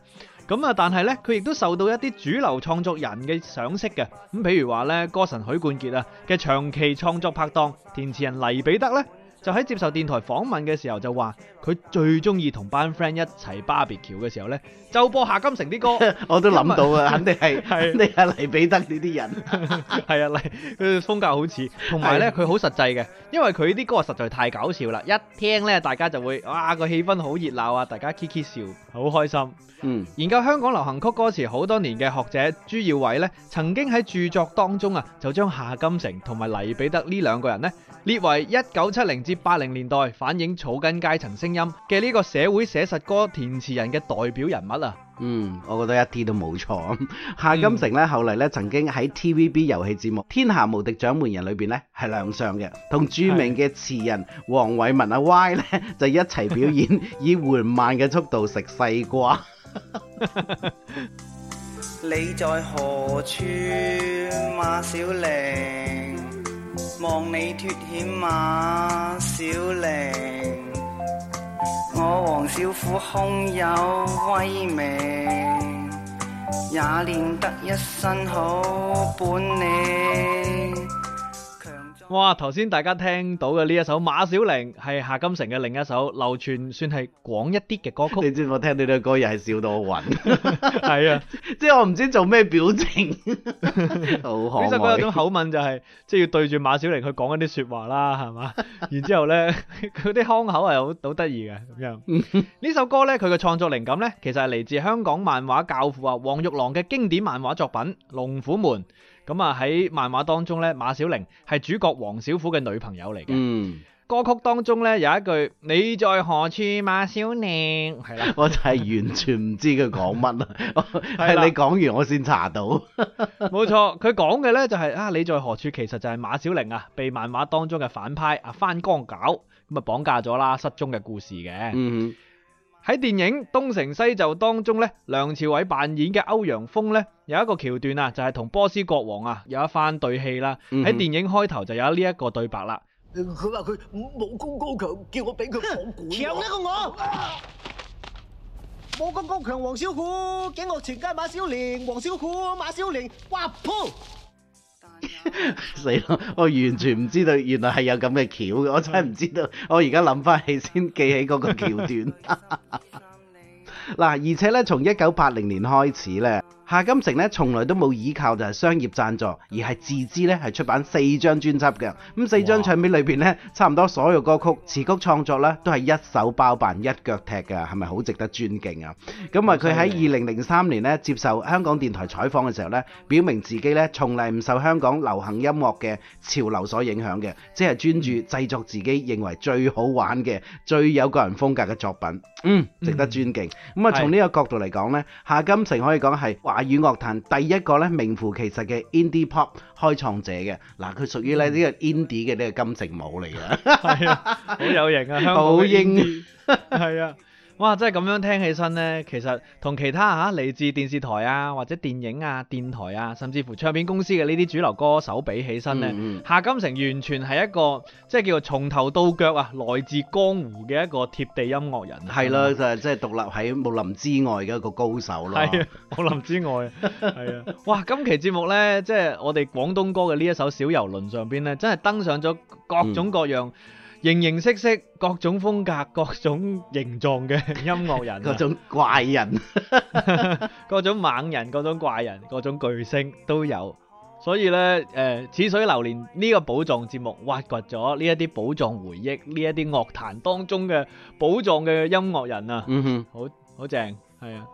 咁啊！但係咧，佢亦都受到一啲主流創作人嘅賞識嘅。咁譬如話咧，歌神許冠傑啊嘅長期創作拍檔填詞人黎彼得咧，就喺接受電台訪問嘅時候就話，佢最中意同班 friend 一齊 barbecue 嘅時候呢，就播夏金城啲歌， 我都諗到 定是 啊，肯定係，肯定係黎彼得呢啲人，係啊，黎、啊、風格好似，同埋呢佢好實際嘅，因為佢啲歌實在太搞笑啦，一聽呢，大家就會哇個氣氛好熱鬧啊，大家 kiki 笑好開心。嗯，研究香港流行曲歌詞好多年嘅學者朱耀偉呢，曾經喺著作當中啊，就將夏金城同埋黎彼得呢兩個人呢，列為一九七零至八零年代反映草根階層聲嘅呢個社會寫實歌填詞人嘅代表人物啊，嗯，我覺得一啲都冇錯。夏金城呢，嗯、後嚟咧曾經喺 TVB 遊戲節目《天下無敵掌門人》裏邊咧係亮相嘅，同著名嘅詞人黃偉文阿、啊、Y 呢，就一齊表演 以緩慢嘅速度食西瓜。 你在何處，馬小靈？望你脫險，馬小靈。我王小虎空有威名，也練得一身好本領。哇！頭先大家聽到嘅呢一首《馬小玲》係夏金城嘅另一首流傳算係廣一啲嘅歌曲。你知唔知我聽你嘅歌又係笑到我暈，係 啊！即係我唔知做咩表情。 好可愛。其實佢有種口吻就係、是，即、就、係、是、要對住馬小玲去講一啲說話啦，係嘛？ 然之後咧，佢啲腔口係好好得意嘅咁樣。呢 首歌咧，佢嘅創作靈感咧，其實係嚟自香港漫畫教父啊黃玉郎嘅經典漫畫作品《龍虎門》。咁啊喺漫畫當中咧，馬小玲係主角王小虎嘅女朋友嚟嘅。嗯，歌曲當中咧有一句，你在何處，馬小玲係啦，我就係完全唔知佢講乜啦，係 你講完我先查到。冇 錯，佢講嘅咧就係、是、啊，你在何處，其實就係馬小玲啊，被漫畫當中嘅反派啊翻江搞咁啊綁架咗啦，失蹤嘅故事嘅。嗯喺電影《東成西就》當中咧，梁朝偉扮演嘅歐陽鋒咧，有一個橋段啊，就係同波斯國王啊有一番對戲啦。喺電影開頭就有呢一個對白啦。佢話佢武功高強，叫我俾佢我管。強呢個我，武功高強黃小虎，驚我全家馬小靈，黃小虎馬小靈，哇噗！死 咯！我完全唔知道，原來係有咁嘅橋嘅，我真係唔知道。我而家諗翻起先記起嗰個橋段。嗱， 而且咧，從一九八零年開始咧。夏金城咧，從來都冇依靠就係商業贊助，而係自資咧係出版四張專輯嘅。咁四張唱片裏邊咧，差唔多所有歌曲詞曲創作咧都係一手包辦一腳踢噶，係咪好值得尊敬啊？咁啊，佢喺二零零三年咧接受香港電台採訪嘅時候咧，表明自己咧從嚟唔受香港流行音樂嘅潮流所影響嘅，即係專注製作自己認為最好玩嘅、最有個人風格嘅作品。嗯，值得尊敬。咁、嗯、啊，從呢個角度嚟講咧，夏金城可以講係，華語樂壇第一個咧名副其實嘅 indie pop 開創者嘅，嗱，佢屬於咧呢個 indie 嘅呢個金城武嚟嘅，係、嗯、 啊，好有型啊，香港好英，係 啊。哇！真係咁樣聽起身呢，其實同其他吓嚟、啊、自電視台啊，或者電影啊、電台啊，甚至乎唱片公司嘅呢啲主流歌手比起身呢、嗯嗯，夏金城完全係一個即係叫做從頭到腳啊，來自江湖嘅一個貼地音樂人。係、嗯、啦就係即係獨立喺武林之外嘅一個高手咯。係武、啊、林之外。係 啊。哇！今期節目呢，即係我哋廣東歌嘅呢一首《小遊輪》上邊呢，真係登上咗各種各樣、嗯。形形色色、各種風格、各種形狀嘅音樂人，各種怪人，各種猛人、各種怪人、各種巨星都有。所以咧，誒《似水流年》呢個寶藏節目挖掘咗呢一啲寶藏回憶，呢一啲樂壇當中嘅寶藏嘅音樂人啊，嗯哼，好好正，係啊。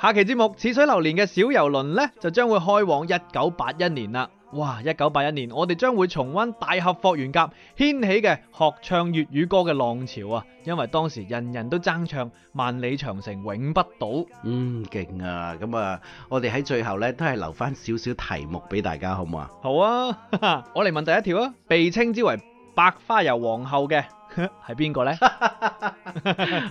下期節目《似水流年》嘅小遊輪咧，就將會開往一九八一年啦。哇！一九八一年，我哋將會重温大合霍元甲掀起嘅學唱粵語歌嘅浪潮啊！因為當時人人都爭唱《萬里長城永不倒》。嗯，勁啊！咁啊，我哋喺最後咧都係留翻少少題目俾大家，好唔好啊？好啊，哈哈我嚟問第一條啊，被稱之為白花油皇后嘅係邊個呢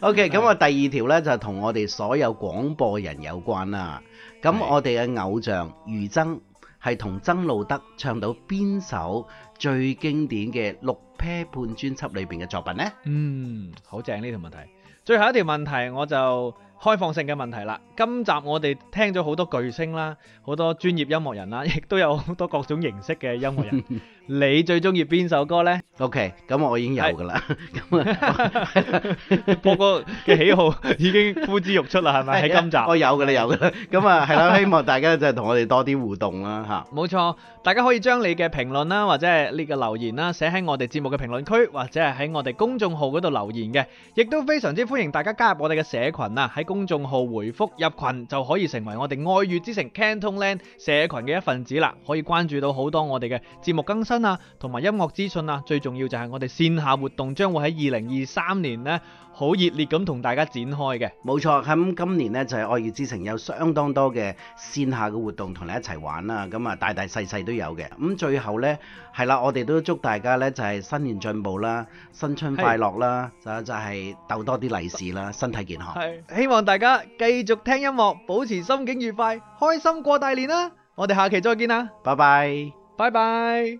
？OK 咁啊，第二條咧就同我哋所有廣播人有關啦。咁我哋嘅偶像俞琤。係同曾路得唱到邊首最經典嘅《6Pair 半》專輯裏邊嘅作品呢？嗯，好正呢條問題。最後一條問題，我就開放性嘅問題啦。今集我哋聽咗好多巨星啦，好多專業音樂人啦，亦都有好多各種形式嘅音樂人。 你最中意邊首歌呢？OK，咁我已經有㗎啦。咁啊，波哥嘅喜好已經呼之欲出啦，係咪喺今集？我有㗎，你有㗎。咁啊，係啦，希望大家即係同我哋多啲互動啦，嚇。冇錯，大家可以將你嘅評論啦，或者係呢個留言啦，寫喺我哋節目嘅評論區，或者係喺我哋公眾號嗰度留言嘅，亦都非常之歡迎大家加入我哋嘅社群啊！喺公眾號回覆入群就可以成為我哋愛粵之城 CantonLand 社群嘅一份子啦，可以關注到好多我哋嘅節目更新。新同埋音樂資訊啊，最重要就係我哋線下活動將會喺二零二三年咧，好熱烈咁同大家展開嘅。冇錯，咁今年咧就係愛粵之城有相當多嘅線下嘅活動同你一齊玩啦。咁啊，大大細細都有嘅。咁最後呢，係啦，我哋都祝大家咧就係新年進步啦，新春快樂啦，仲有就係、是、鬥多啲利是啦，身體健康。希望大家繼續聽音樂，保持心境愉快，開心過大年啦。我哋下期再見啦，拜拜，拜拜。